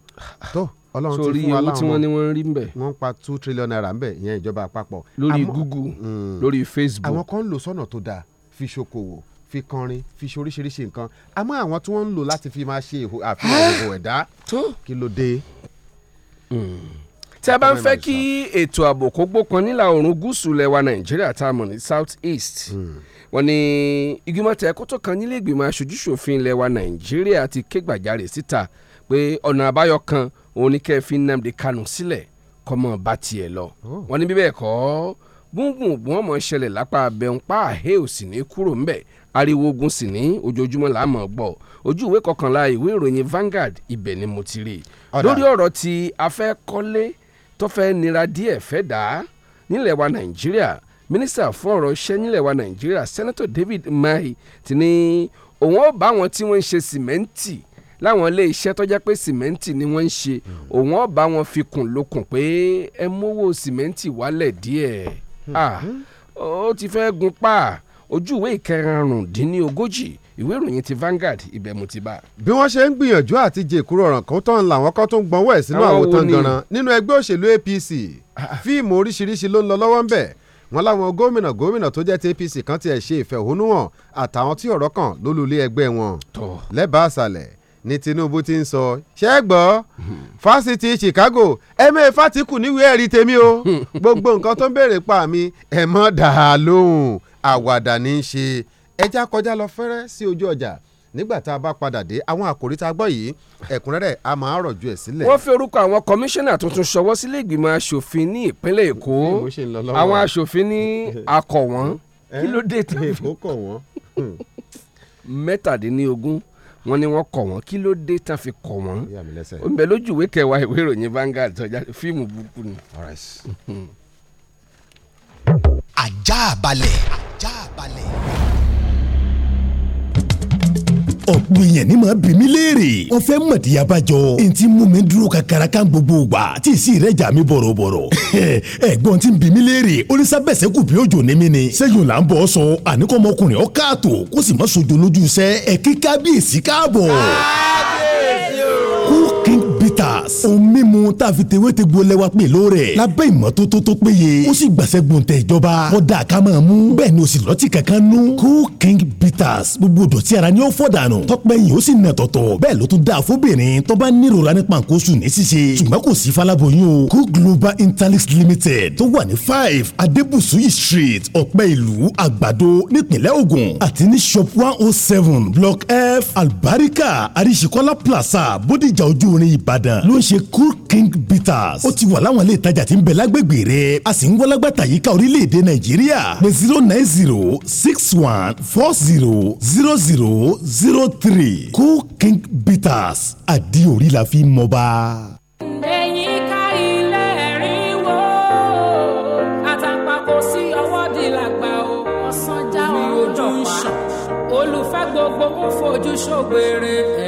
tó ọlọ́run ti fún wa láwọn sórí owó tí wọ́n ní wọ́n rí ń wọ́n pa two trillion naira ń ìyẹn ìjọba àpapọ̀. lórí google hmm. lórí facebook. àwọn kan ń lò sọ́nà tó dáa fi ṣokòwò fi kọrin fi ṣe oríṣiríṣi nǹkan àmọ́ àwọn tí wọ́n ń lò láti fi máa ṣe àfihàn ìhò ẹ̀dá kí ló dé. Hmm tí a bá ń fẹ́ kí ètò ààbò kó gbópọn nílà oòrùn gúúsù lẹwa nàìjíríà tá a mọ̀ ní south east hmm. wọ́n ní ìgbìmọ̀ tẹ̀kọ́tọ̀ kan nílé ìgbìmọ̀ aṣojúṣòfin lẹwa nàìjíríà ti ké gbàjarè síta pé ọ̀nà àbáyọ kan òun ní kẹ́ẹ̀ fi Nnamdi Kanu sílẹ̀ kọ́mọ bá tiẹ̀ lọ oh. wọ́n ní bíbẹ̀ kọ́ gbùngbùn ògùn ọmọ ṣẹlẹ̀ lápá abẹ́ńpá àhẹ́ òsì ní kúrò ńbẹ̀ ariwo ogun sì ní ojoojúmọ́ là á ojú ìwé kọkànlá ìwé ìròyìn Vanguard ibẹ̀ ni mo ti rí lórí ọ̀rọ̀ tí afẹ́kọ́lé tó fẹ́ nira díẹ̀ fẹ́ dà á nílẹ̀ wa nàìjíríà mínísítà fún ọ̀rọ̀ iṣẹ́ nílẹ̀ wa nàìjíríà sẹ́nẹ́tọ̀ David Mai ti ní òun ó bá àwọn tí wọ́n ń ṣe sìmẹ́ǹtì láwọn ilé iṣẹ́ tó jẹ́ pé sìmẹ́ǹtì ni wọ́n ń ṣe òun ó bá wọn fi kùn lókùn pé ẹ mówó sìmẹ́ǹtì wálẹ̀ díẹ̀ ó ti fẹ́ gun pa ojú ìwé ìkẹrìnrún dín ogójì ìwé ìròyìn ti Vanguard ibẹ̀ mo ti bá. bí wọ́n ṣe ń gbìyànjú àti jẹ ìkúrò ọ̀ràn kan tán làwọn kan tó ń gbọ́nwọ́ ẹ̀ sínú àwọn tán ganan nínú ẹgbẹ́ òṣèlú APC ah, ah. fíìmù oríṣiríṣi ló ń lọ lọ́wọ́ ń bẹ̀ wọ́n láwọn gómìnà gómìnà tó jẹ́ ti APC kan tiẹ̀ ṣe ìfẹ̀hónúhàn àtàwọn tí ọ̀rọ̀ kàn lólulé ẹgbẹ́ wọn lẹ́bàá àṣàlẹ̀ ni Tinubu ti ń sọ ṣẹ́ gbọ́ hmm. fásitì Chicago ẹ̀mẹ́ Fátíkù níwèé ẹ̀rí tèmi o [LAUGHS] gbogbo nǹkan tó ń béèrè pa mi ẹ̀ mọ́ dàá lóhùn àwàdà ní í ṣe ẹja kọjá lọ fẹ́rẹ́ sí ojú ọjà nígbà tá a bá padà dé àwọn àkòrí tá a gbọ́ yìí ẹ̀kúnrẹ́rẹ́ a máa rọ̀ ju ẹ̀ sílẹ̀. wọ́n fi orúkọ àwọn kọmíṣánná tuntun ṣọwọ́ sílé ìgbìmọ̀ asòfin ní ìpínlẹ̀ èkó àwọn asòfin ní [LAUGHS] akọ̀ wọ́n kí ló dé tó mẹ́tàdínlógún wọn ni wọ́n kọ̀ wọ́n kí ló dé tán fi kọ̀ wọ́n ó ń kẹwàá ìwé ìròyìn Vanguard tọ́jà fíìmù burúkú ni. [LAUGHS] ajá balẹ̀ ajá balẹ̀ ọ̀pọ̀ èèyàn ní máa bi mí léèrè wọ́n fẹ́ mọ̀dí abájọ n ti mú mi dúró ka karaka gbogbo gbà tí ì sí ìrẹ́jà mi bọ̀rọ̀bọ̀rọ̀ ẹ̀gbọ́n ti ń bi mí léèrè onísàbẹ̀sẹ̀ kù bí òjò ní mi ni sẹ́yìn là ń bọ̀ sọ àníkọ́mọkùnrin ọ̀ káàtó kó sì má sojo lójú iṣẹ́ ẹ̀ kí kábíyèsí káàbọ̀. Plus. ohun mímu tá a fi tewé te gbolẹ̀ wa pè lóore lábẹ́ ìmọ́tótó tó péye ó sì gbàsẹ́ gbòǹtẹ̀ ìjọba kọ́dà ká máa mú bẹ́ẹ̀ ni o sì lọ́tì kankan nú. cool king bitters gbogbo dọ̀tí ara ni ó fọ̀ dànù tọpẹ́ ó sì nà tọ̀tọ̀ bẹ́ẹ̀ ló tún dáa fóbìnrin tó bá nírora ní pàǹkóṣù ní ṣíṣe ṣùgbọ́n kò sí falaboyún o cool global interlix limited tó wà ní five adébùsúyì street ọ̀pẹ́ ìlú àgbàdo nípìnlẹ̀ Ògùn àti ní shop one oh seven block f albarika àríṣekọ́lá plaza bódìjà ojú orin Ìbàdàn ló ń ṣe cool king bitters ó ti wà láwọn ilé ìtajà tí ń bẹ lágbègbè rẹ a sì ń wọlágbàtà yíká orílẹ̀-èdè nàìjíríà ní zero nine zero six one four zero zero zero zero three cool king bitters àdìorí la fi mọ́ bá. olùfẹ́ gbogbo ń fojú ṣògbèrè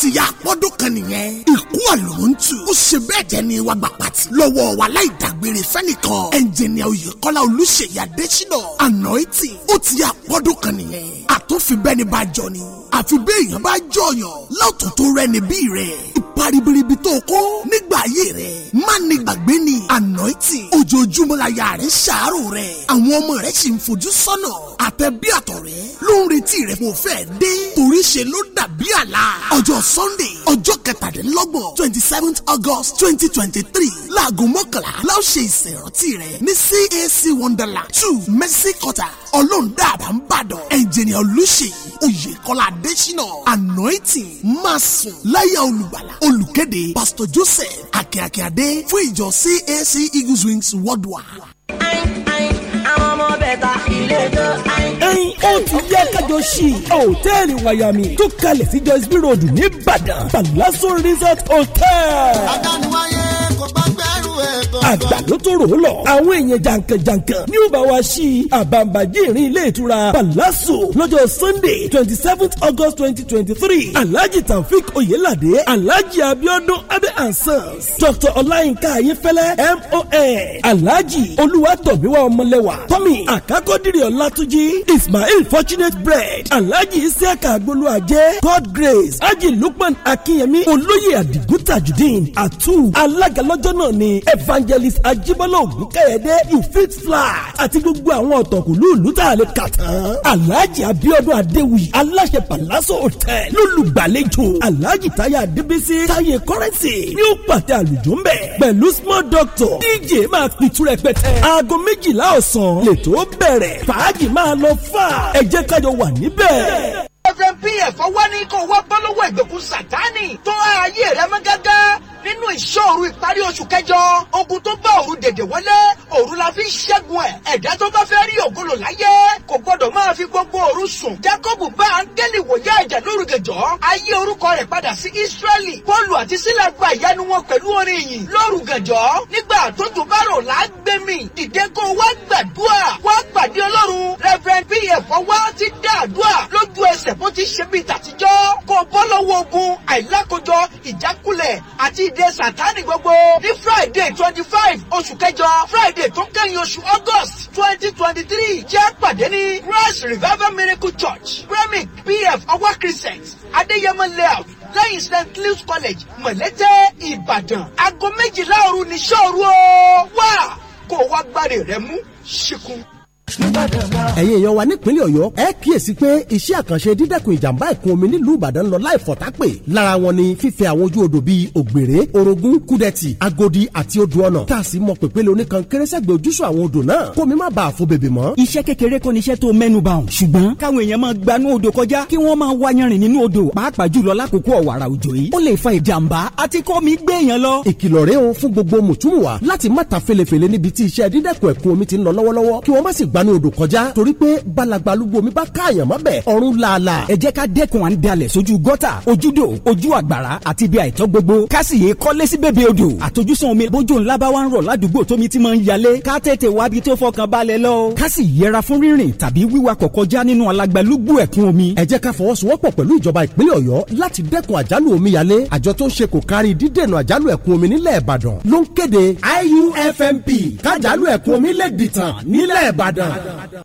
ti ya pọ́dún kan nìyẹn ikú àlùmọ́ntù ó ṣe bẹ́ẹ̀ jẹ́ ni wàá gbà pàtì lọ́wọ́ wa láì dágbére fẹ́nìkan ẹnjìnìà oyèkọ́lá olùṣèyí adésínà ànáìtì ó ti ya pọ́dún kan nìyẹn àtúnfi bẹ́ẹ̀ ni bá jọ ni àfi bẹ́ẹ̀ èèyàn bá jọyàn látòótó rẹ ni bí rẹ̀ agbára ribiribi tó kó nígbà ayé rẹ̀ má ní gbàgbé ni ànáìtì ojoojúmọ́ la yà rẹ̀ ṣàárò rẹ̀ àwọn ọmọ rẹ̀ sì ń fojú sọ́nà àtẹ̀bí àtọ̀rẹ́ ló ń retí rẹ̀ kò fẹ́ dé torí ṣe ló dàbí àlá ọjọ́ sunday ọjọ́ kẹtàdínlọ́gbọ̀n twenty seventh august twenty twenty three láago mọ́kànlá láò ṣe ìṣèrántí rẹ̀ ní cac wonderland two mercy quarter ọlọ́ọ̀dà àbámbàdàn ẹ̀ǹjìnìà olùṣèyí oyèkọ́lá adésínà anointing máa sùn láyà olùgbàlà olù olùkéde pastor joseph akíakíade fún ìjọ cac eagles wings worldwide. ẹyin ó ti yẹ kájọ sí hòtẹ́ẹ̀lì wayami tó kalẹ̀ sí joyce b road nìbàdàn palazzo resort hotel. àdánù wáyé kò bá mi àgbàdo tó rò ó lọ àwọn èèyàn jàǹkànjàǹkàn ní ó bá wa ṣí àbàǹbàjì ìrìn ilé ìtura palazzo lọ́jọ́ sunday twenty seventh august twenty twenty three alhaji taofik oyelade alhaji abiodun abe and sons dr ọláyínká ayéfẹ́lẹ́ mon alhaji olúwatómiwá ọmọlẹ́wà tọ́mì àkàkọ́dìrì ọlátúnjì ismail fortunate bread alhaji isiaka agbolúwàjẹ́ god grace haji lukman akínyẹmí olóyè àdìgún tajudeen àtú alága lọ́jọ́ náà ni evangelist ajíbọ́lá ògúnkẹ́yẹdẹ you fit fly àti gbogbo àwọn ọ̀tọ̀kùlú ìlú tá a lè kà tán. alhaji abiodun adéwì aláṣẹ palazzo hotel lólùgbàlejò alhaji táyà adébísí táyà kọ́rẹ́nsì ní ó pàtẹ àlùjò ń bẹ̀ pẹ̀lú small doctor dj máa pitú rẹpẹtẹ aago méjìlá ọ̀sán lètò bẹ̀rẹ̀ fàájì máa lọ fà ẹ jẹ́ kájọ wà níbẹ̀. fmpf ọwọ́ ní kò wá bọ́ lọ́wọ́ ìgbèkùn sátani tó ayé rẹ̀ mọ́ gágá nínú ìṣòro ìparí oṣù kẹjọ ogun tó bá òru dèdè wọlé òru la fi ń ṣẹ́gun ẹ̀ ẹ̀dá tó bá fẹ́ rí ògolo láyé kò gbọdọ̀ máa fi gbogbo òru sùn Jákọ́bù bá áńgẹ́lì wòye ẹ̀jẹ̀ lóru gẹ̀jọ́ ayé orúkọ rẹ̀ padà sí Ísírẹ́lì Pọ́ọ̀lù àti Sílà gba ìyanu wọn pẹ̀lú orin ìyìn lóru gẹ̀jọ́ nígbà tó tó bá rò lágbèmí dìde kó wá gbàdúrà wá pàdé Ọlọ́run Reverend P.F. Ọwá ti dá àdúrà lójú ẹsẹ̀ bó ti ṣe bíi tàtijọ́ kó bọ́ holiday sátánì gbogbo ní friday twenty five oṣù kẹjọ friday tó kẹ́yìn oṣù august twenty twenty three jẹ́ pàdé ní christ revival miracle church premic pf ọwọ́ crescent adéyẹmọ layout lẹ́yìn st louis college mọ̀lẹ́tẹ̀ ìbàdàn aago méjìlá òru ní sọ́ọ̀rù o wá kó o wá gbáre rẹ mú ṣìkún ẹ̀yin èèyàn wa nípínlẹ̀ ọ̀yọ́ ẹ kíyèsí pé iṣẹ́ àkànṣe dídẹ́kun ìjàmbá ẹ̀kún omi nílùú ìbàdàn lọ láì fọ̀tápè lára wọn ni fífẹ́ àwọn ojú odò bíi ògbèrè orogún kúdẹ̀tì agodi àti odò ọ̀nà tá a sì mọ pèpele oníkan kérésẹ́gbẹ̀ ojúṣọ àwọn odò náà kó mi má bàa fo bèbè mọ́. iṣẹ́ kékeré kọ́ ni iṣẹ́ tó mẹ́nu bà ọ̀hún ṣùgbọ́n káwọn èèyàn máa gbanú odò kọjá kí wọ́n máa wá yanrìn nínú odò pàápàá jùlọ lákòókò ọ̀wàrà òjò yìí o fún gbogbo mùtúmùwà láti má ta felefele níbi tí iṣẹ́ dídẹ́kun ẹ̀kún omi ti ń lọ lọ́wọ́lọ́wọ́ kí wọ́n má sì gb gbanú odò kọjá torí pé balagba arúgbó mi bá káàyàn mọ́ ọ̀run làálà. ẹ jẹ́ ká dẹ́kun à ń dalẹ̀ sójú gọ́tà ojúdò ojú àgbàrá àti ibi àìtọ́ gbogbo kásìyè kọ́lé sí bèbè odò àtojúsùn omi bójú ńlá bá wà ń rọ̀ ládùúgbò tómi ti máa ń yalé ká tètè wábi tó fọkàn balẹ̀ lọ. kásì yẹra fún rírìn tàbí wíwa kọ̀kọ́já nínú alagbalúgbú ẹ̀kún omi. ẹ jẹ́ ká Adam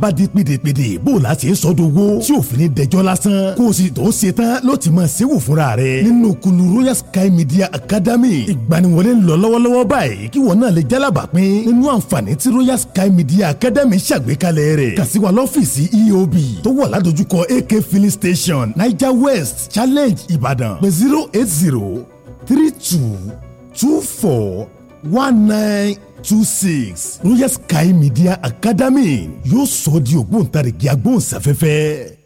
bá di pèdèpèdè bó la ṣe sọdowó tí òfin dẹjọ́ lásán kó o sì tó ṣe tán ló ti mọ̀ sẹ́wò fúnra rẹ̀ nínú kunu Royal Sky Media Academy ìgbaniwọlé ń lọ lọ́wọ́lọ́wọ́ báyìí kí wọn náà lè jálàbà pín nínú àǹfààní tí Royal Sky Media Academy ṣàgbékalẹ̀ rẹ̀ kà sí lọ́fíìsì EOB tó wà ládojúkọ AK filling station Niger West Challenge Ìbàdàn pé zero eight zero three two two four one nine two six royal sky media academy yóò sọ ọ́ di ògbóǹtarìgì agbóhùnsáfẹ́fẹ́.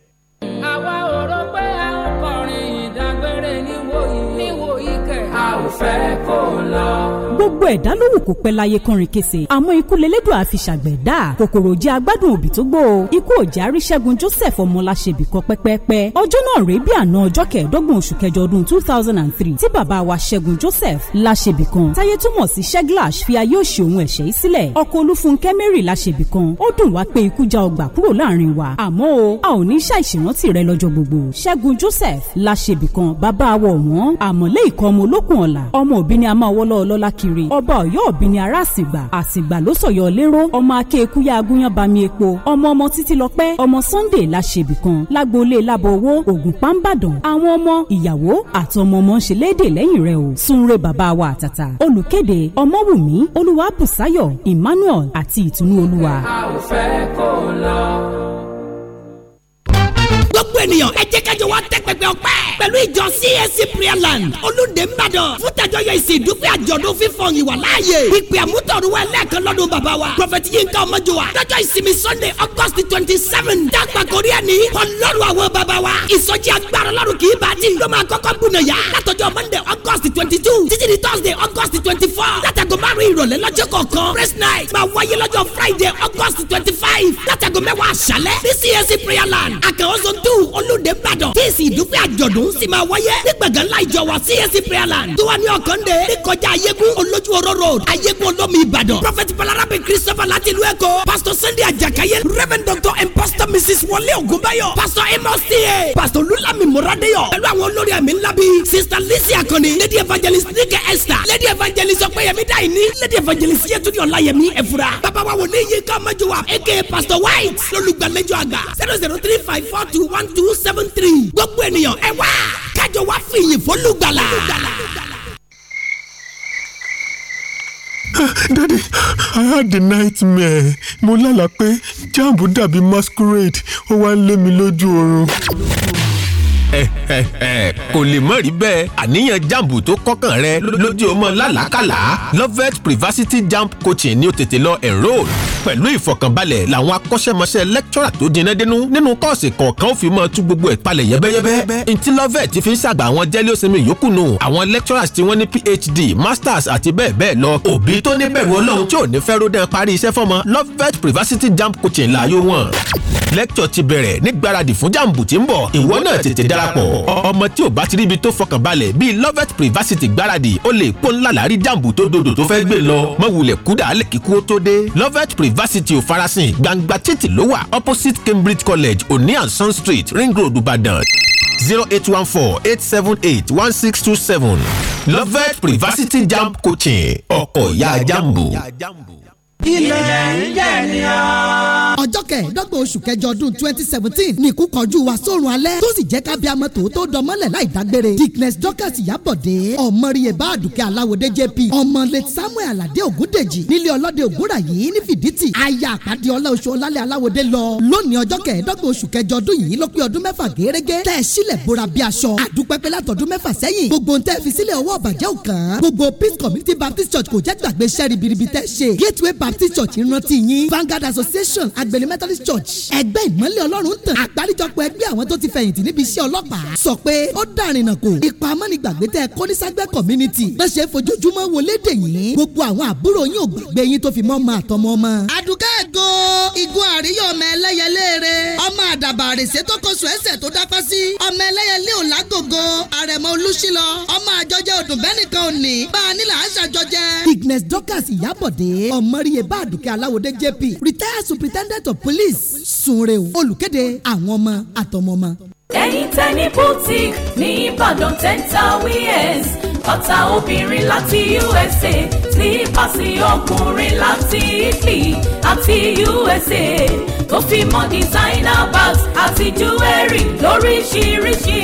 gbogbo ẹ̀dá ló wù kó pẹ́ láyé kọrin kése àmọ́ ikú lelédùn àfi ṣàgbẹ̀dá kòkòrò jẹ́ agbádùn òbí tó gbó ikú òjì àríṣẹ́gun joseph ọmọláṣebì kan pẹ́pẹ́pẹ́ ọjọ́ náà rèé bí àná ọjọ́ kẹẹ̀ẹ́dọ́gbọ̀n oṣù kẹjọ ọdún two thousand and three tí bàbá wa ṣẹ́gun joseph láṣebì kan táyé túmọ̀ sí ṣẹ́glash fi ayé òṣì òun ẹ̀ṣẹ̀ yìí sílẹ̀ ọkọ olúfúnkẹ́ mary láṣebì kan ó dùn wá pé ikú já ọgbà kúrò láàrin wa àmọ́ o a ò ní ṣàìṣèrántí rẹ lọ́jọ́ gbogbo ṣẹ́gun joseph láṣebì kan bàbá àwọ̀ wọ́n àmọ̀lé ìkọ́ ọmọ olókùn ọ̀la ọmọ òbí ni a máa wọ́lọ́ ọlọ́lá kiri ọba ọ̀yọ́ òbí ni ará àsìgbà àsìgbà ló sọ̀yọ́ lérò ọmọ akéeku yá agúnyán bami epo ọmọ ọmọ títí lọ́pẹ́ ọmọ sunday láṣẹbì kan lágboolé lábọ̀ owó ògùn pàǹbàdàn àwọn ọmọ ìyàwó àtọmọ ọmọ ń ṣe léde lẹ́yìn rẹ̀ o sunre bàbá wa àtàtà olùkéde ọmọwùmí olúwàbùsáyọ̀ emmanuel àti ìtùnú olúwa. a ò fẹ́ kó lọ ènìyàn ẹ jẹ́ kájọ wa tẹ́ pẹpẹ ọpẹ́ pẹ̀lú ìjọ CAC prayer land olùdè ńbàdàn fún tàjọyọ̀ ìsìn ìdúpẹ́ àjọ̀dún fífọ̀ ìwà láàyè ìpè àmútọ̀rùwẹ̀ lẹ́ẹ̀kan lọ́dún bàbá wa prọfẹ̀tì yínká ọmọjúwa lọ́jọ́ ìsinmi sunday august twenty seven dàgbà kórí ẹni ọlọ́run àwọn bàbá wa ìsọjí agbára ọlọ́run kì í bá ti ló máa kọ́kọ́ bùnà yá látọjọ́ monday august twenty two títí di thursday august twenty four látàgọ́ márùn ìrọ̀lẹ́ lọ́jọ́ kọ̀ọ̀kan praise night máa wáyé lọ́jọ́ friday august twenty five látàgọ́ mẹ́wàá àṣálẹ́ ní CAC prayer land àkànwó zone two olóde ìbàdàn tí èsì ìdúpẹ́ àjọ̀dún sì máa wáyé ní gbẹ̀gànlá ìjọ wa csc prayerland tó wà ní ọ̀kàndé níkọjá ayégún olójú oró road ayégún olómi ìbàdàn prophet balarabe christopher láti ìlú èkó pastor sunday ajakaye reverend doctor and pastor mrs wọlé ògúnbáyọ̀ pastor amos ta pastor lulami moradeyo pẹ̀lú àwọn olórí ẹ̀mí ńlá bíi sister lizzie akọni lady evangelist nike esther lady evangelist ọpẹ́yẹmí dayini lady evangelist yẹtúni ọláyẹmí ẹ̀fura bàbá wa wòlé yìí ká mọ́jú wa aka pastor white lólùgbàlejò àgbà zero zero three five four two one two two seven three gbogbo ènìyàn ẹ wá kájọ wá fìyìn fólúgbàlà. Ah, Daddy, I had a nightmare. Mo lálàá pé jáàmù dàbí masquerade, ó wá ń lé mi lójú oorun. [LAUGHS] kò lè mọ̀ rí bẹ́ẹ̀ àníyàn jàǹbù tó kọ́kàn rẹ lójú ọmọ làlákàlà Lovett Privacity Jamb Coaching ni ó tètè lọ enroll pẹ̀lú ìfọ̀kànbalẹ̀ làwọn akọ́ṣẹ́mọṣẹ́ lẹ́kítọ́rà tó jiná dénú nínú kọ́ọ̀sì kọ̀ọ̀kan ó fi mọ́ tú gbogbo ẹ̀ palẹ̀ yẹ́bẹ́yẹ́bẹ́. ntí Lovett ti fi ń ṣàgbà àwọn jẹ́líọ́sẹ̀mì yòókù nù àwọn lecturers tí wọ́n ní PhD masters àti bẹ́ẹ̀ bẹ́ẹ̀ lọ. òbí tó ní bẹ̀rù ọlọ́run tí ò ní fẹ́ ródẹ́ parí iṣẹ́ fọ́mọ Lovett Privacity Jamb Coaching láàyò wọn. lecture ti bẹ̀rẹ̀ nígbáradì fún jàǹbù tí ń bọ̀ ìwọ náà tètè dára darapọ̀. ọmọ tí ò bá ti ríbi tó fọkàn balẹ̀ bíi lovet privacity gbáradì ó lè pọ́n lálàrí jàǹbù tó dòdò tó fẹ́ gbé lọ. mọ wulẹ̀ kúdà alẹ́ kíkú ó tó dé. lovet privacity ò farasin gbangba títì ló wà opposite Cambridge College Oni Sun Street Ring Road Ìbàdàn zero eight one four eight seven eight one six two seven lovet privacity jam coaching ọkọ̀ ìyá jambu. ilẹ̀ ń jẹ̀ ni a ọjọ́ kẹẹ̀ẹ́dọ́gbọ̀n oṣù kẹjọ ọdún twenty seventeen nìkú kọjú wa sórun alẹ́ tó sì jẹ́ kábí amọ̀ tòótọ́ dọmọ́lẹ̀ láì dágbére dickness dorcas ìyábọ̀dé ọmọrìyè bá àdùkẹ́ aláwọ̀dé jp ọmọ late samuel aládé ògúndèjì nílé ọlọ́dẹ ògúnra yìí ní fìdítì aya àpàdé ọlá oṣù ọlálẹ̀ aláwọ̀dé lọ lónìí ọjọ́ kẹẹ̀ẹ́dọ́gbọ̀n oṣù kẹjọ ọdún yìí ló pé ọdún mẹ́fà gẹ́rẹ́gẹ́ tẹ́ ẹ sílẹ̀ bóra bí aṣọ àdúpẹ́pẹ́ látọdún mẹ́fà sẹ́yìn gbogbo ntẹ́ fi sílẹ̀ owó ọ̀bàjẹ́ òkàn gbogbo peace community baptist church kò jẹ́ gbàgbé sẹ́ẹ̀rì biribi tẹ́ ṣe gateway baptist church ìrántí yín vanguard association ag Ebele Methodist Church ẹgbẹ́ ìmọ́lẹ̀ ọlọ́run tàn àgbáríjọpọ̀ ẹgbẹ́ àwọn tó ti fẹ̀yìntì níbi iṣẹ́ ọlọ́pàá sọ pé ó dàrinà kò ipa amánigbàgbé tẹ kọ́nísàgbẹ́ community bẹ́ẹ̀ ṣe fojoojúmọ́ wọlédè yìí gbogbo àwọn àbúrò yín ò gbàgbé yín tó fi mọ́ ọmọ àtọmọ ọmọ. àdùkẹ́ ẹ̀gọ́ igun àríyọ̀ ọmọ ọmọ àdàbà àrèsé tó kóso ẹsẹ̀ tó dáfá sí ọmọ ẹlẹ́yẹlé ò àrẹ̀mọ olúṣílọ ọmọ àjọjẹ òdùnbẹ́nìkan òní bá a nílà á ṣàjọjẹ. Ignes Dorcas Ìyábọ̀dé ọmọríye bá àdùkẹ́ aláwọ̀dé JP retired superintendent sẹ́tọ̀ police sunre o olùkéde àwọn ọmọ àtọmọmọ. ẹ̀yin tẹ́ ní boutique ní Ìbàdàn dental wears ọ̀tá obìnrin láti USA sípàsì ọkùnrin láti Italy àti USA tó fi mọ́ designer bags àti jewelry lóríṣiríṣi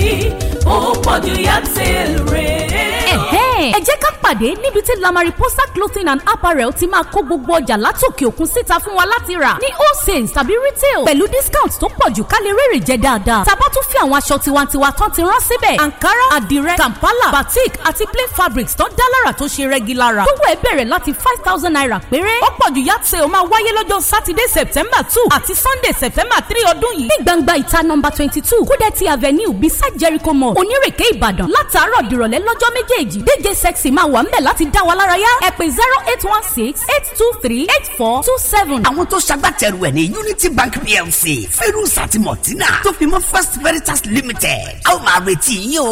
ó pọ̀jù yàtẹ̀ rẹ̀ bẹ́ẹ̀. ẹ jẹ́ ká pàdé níbi tí Lamariposa clothing and apparel ti máa kó gbogbo ọjà látòkè òkun síta fún wa láti rà ní wholesale tàbí retail pẹ̀lú discount tó pọ̀ jù ká lè rèrè jẹ dáadáa. tá a bá tún fi àwọn aṣọ tiwantiwa tán ti rán síbẹ̀ Ankara Adire Kampala batik àti plain fabrics tán dá lára tó ṣe rẹ́gí lára. gbogbo ẹ bẹ̀rẹ̀ láti five thousand naira péré. ó pọ̀ jù yàtse ó máa wáyé lọ́jọ́ sátidé september two àti sunday september three ọdún yìí. ní gbangba ìta number twenty two Kudeti avenue beside jericho mall onírèké ìbàdàn látàárọ̀ dìrọ̀lẹ́ lọ́jọ́ méjèèjì déje DJ Sexy máa wà ńbẹ̀ láti dá wa lára yá ẹ zero eight one six eight two three eight four two seven. àwọn tó ṣagbátẹrù ẹ̀ ní Unity Bank PLC ferus àti Martina tó fi mọ́ First Veritas Limited a ó máa retí yín o.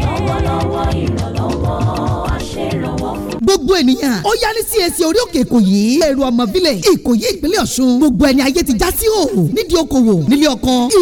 lọ́wọ́lọ́wọ́ ìrànlọ́wọ́ gbogbo ènìyàn ó yá ní CAC orí òkè ìkòyí èrò ọmọ village ìkòyí ìpínlẹ̀ ọ̀ṣun gbogbo ẹni ayé ti já sí òòrùn nídìí okòwò nílé ọkàn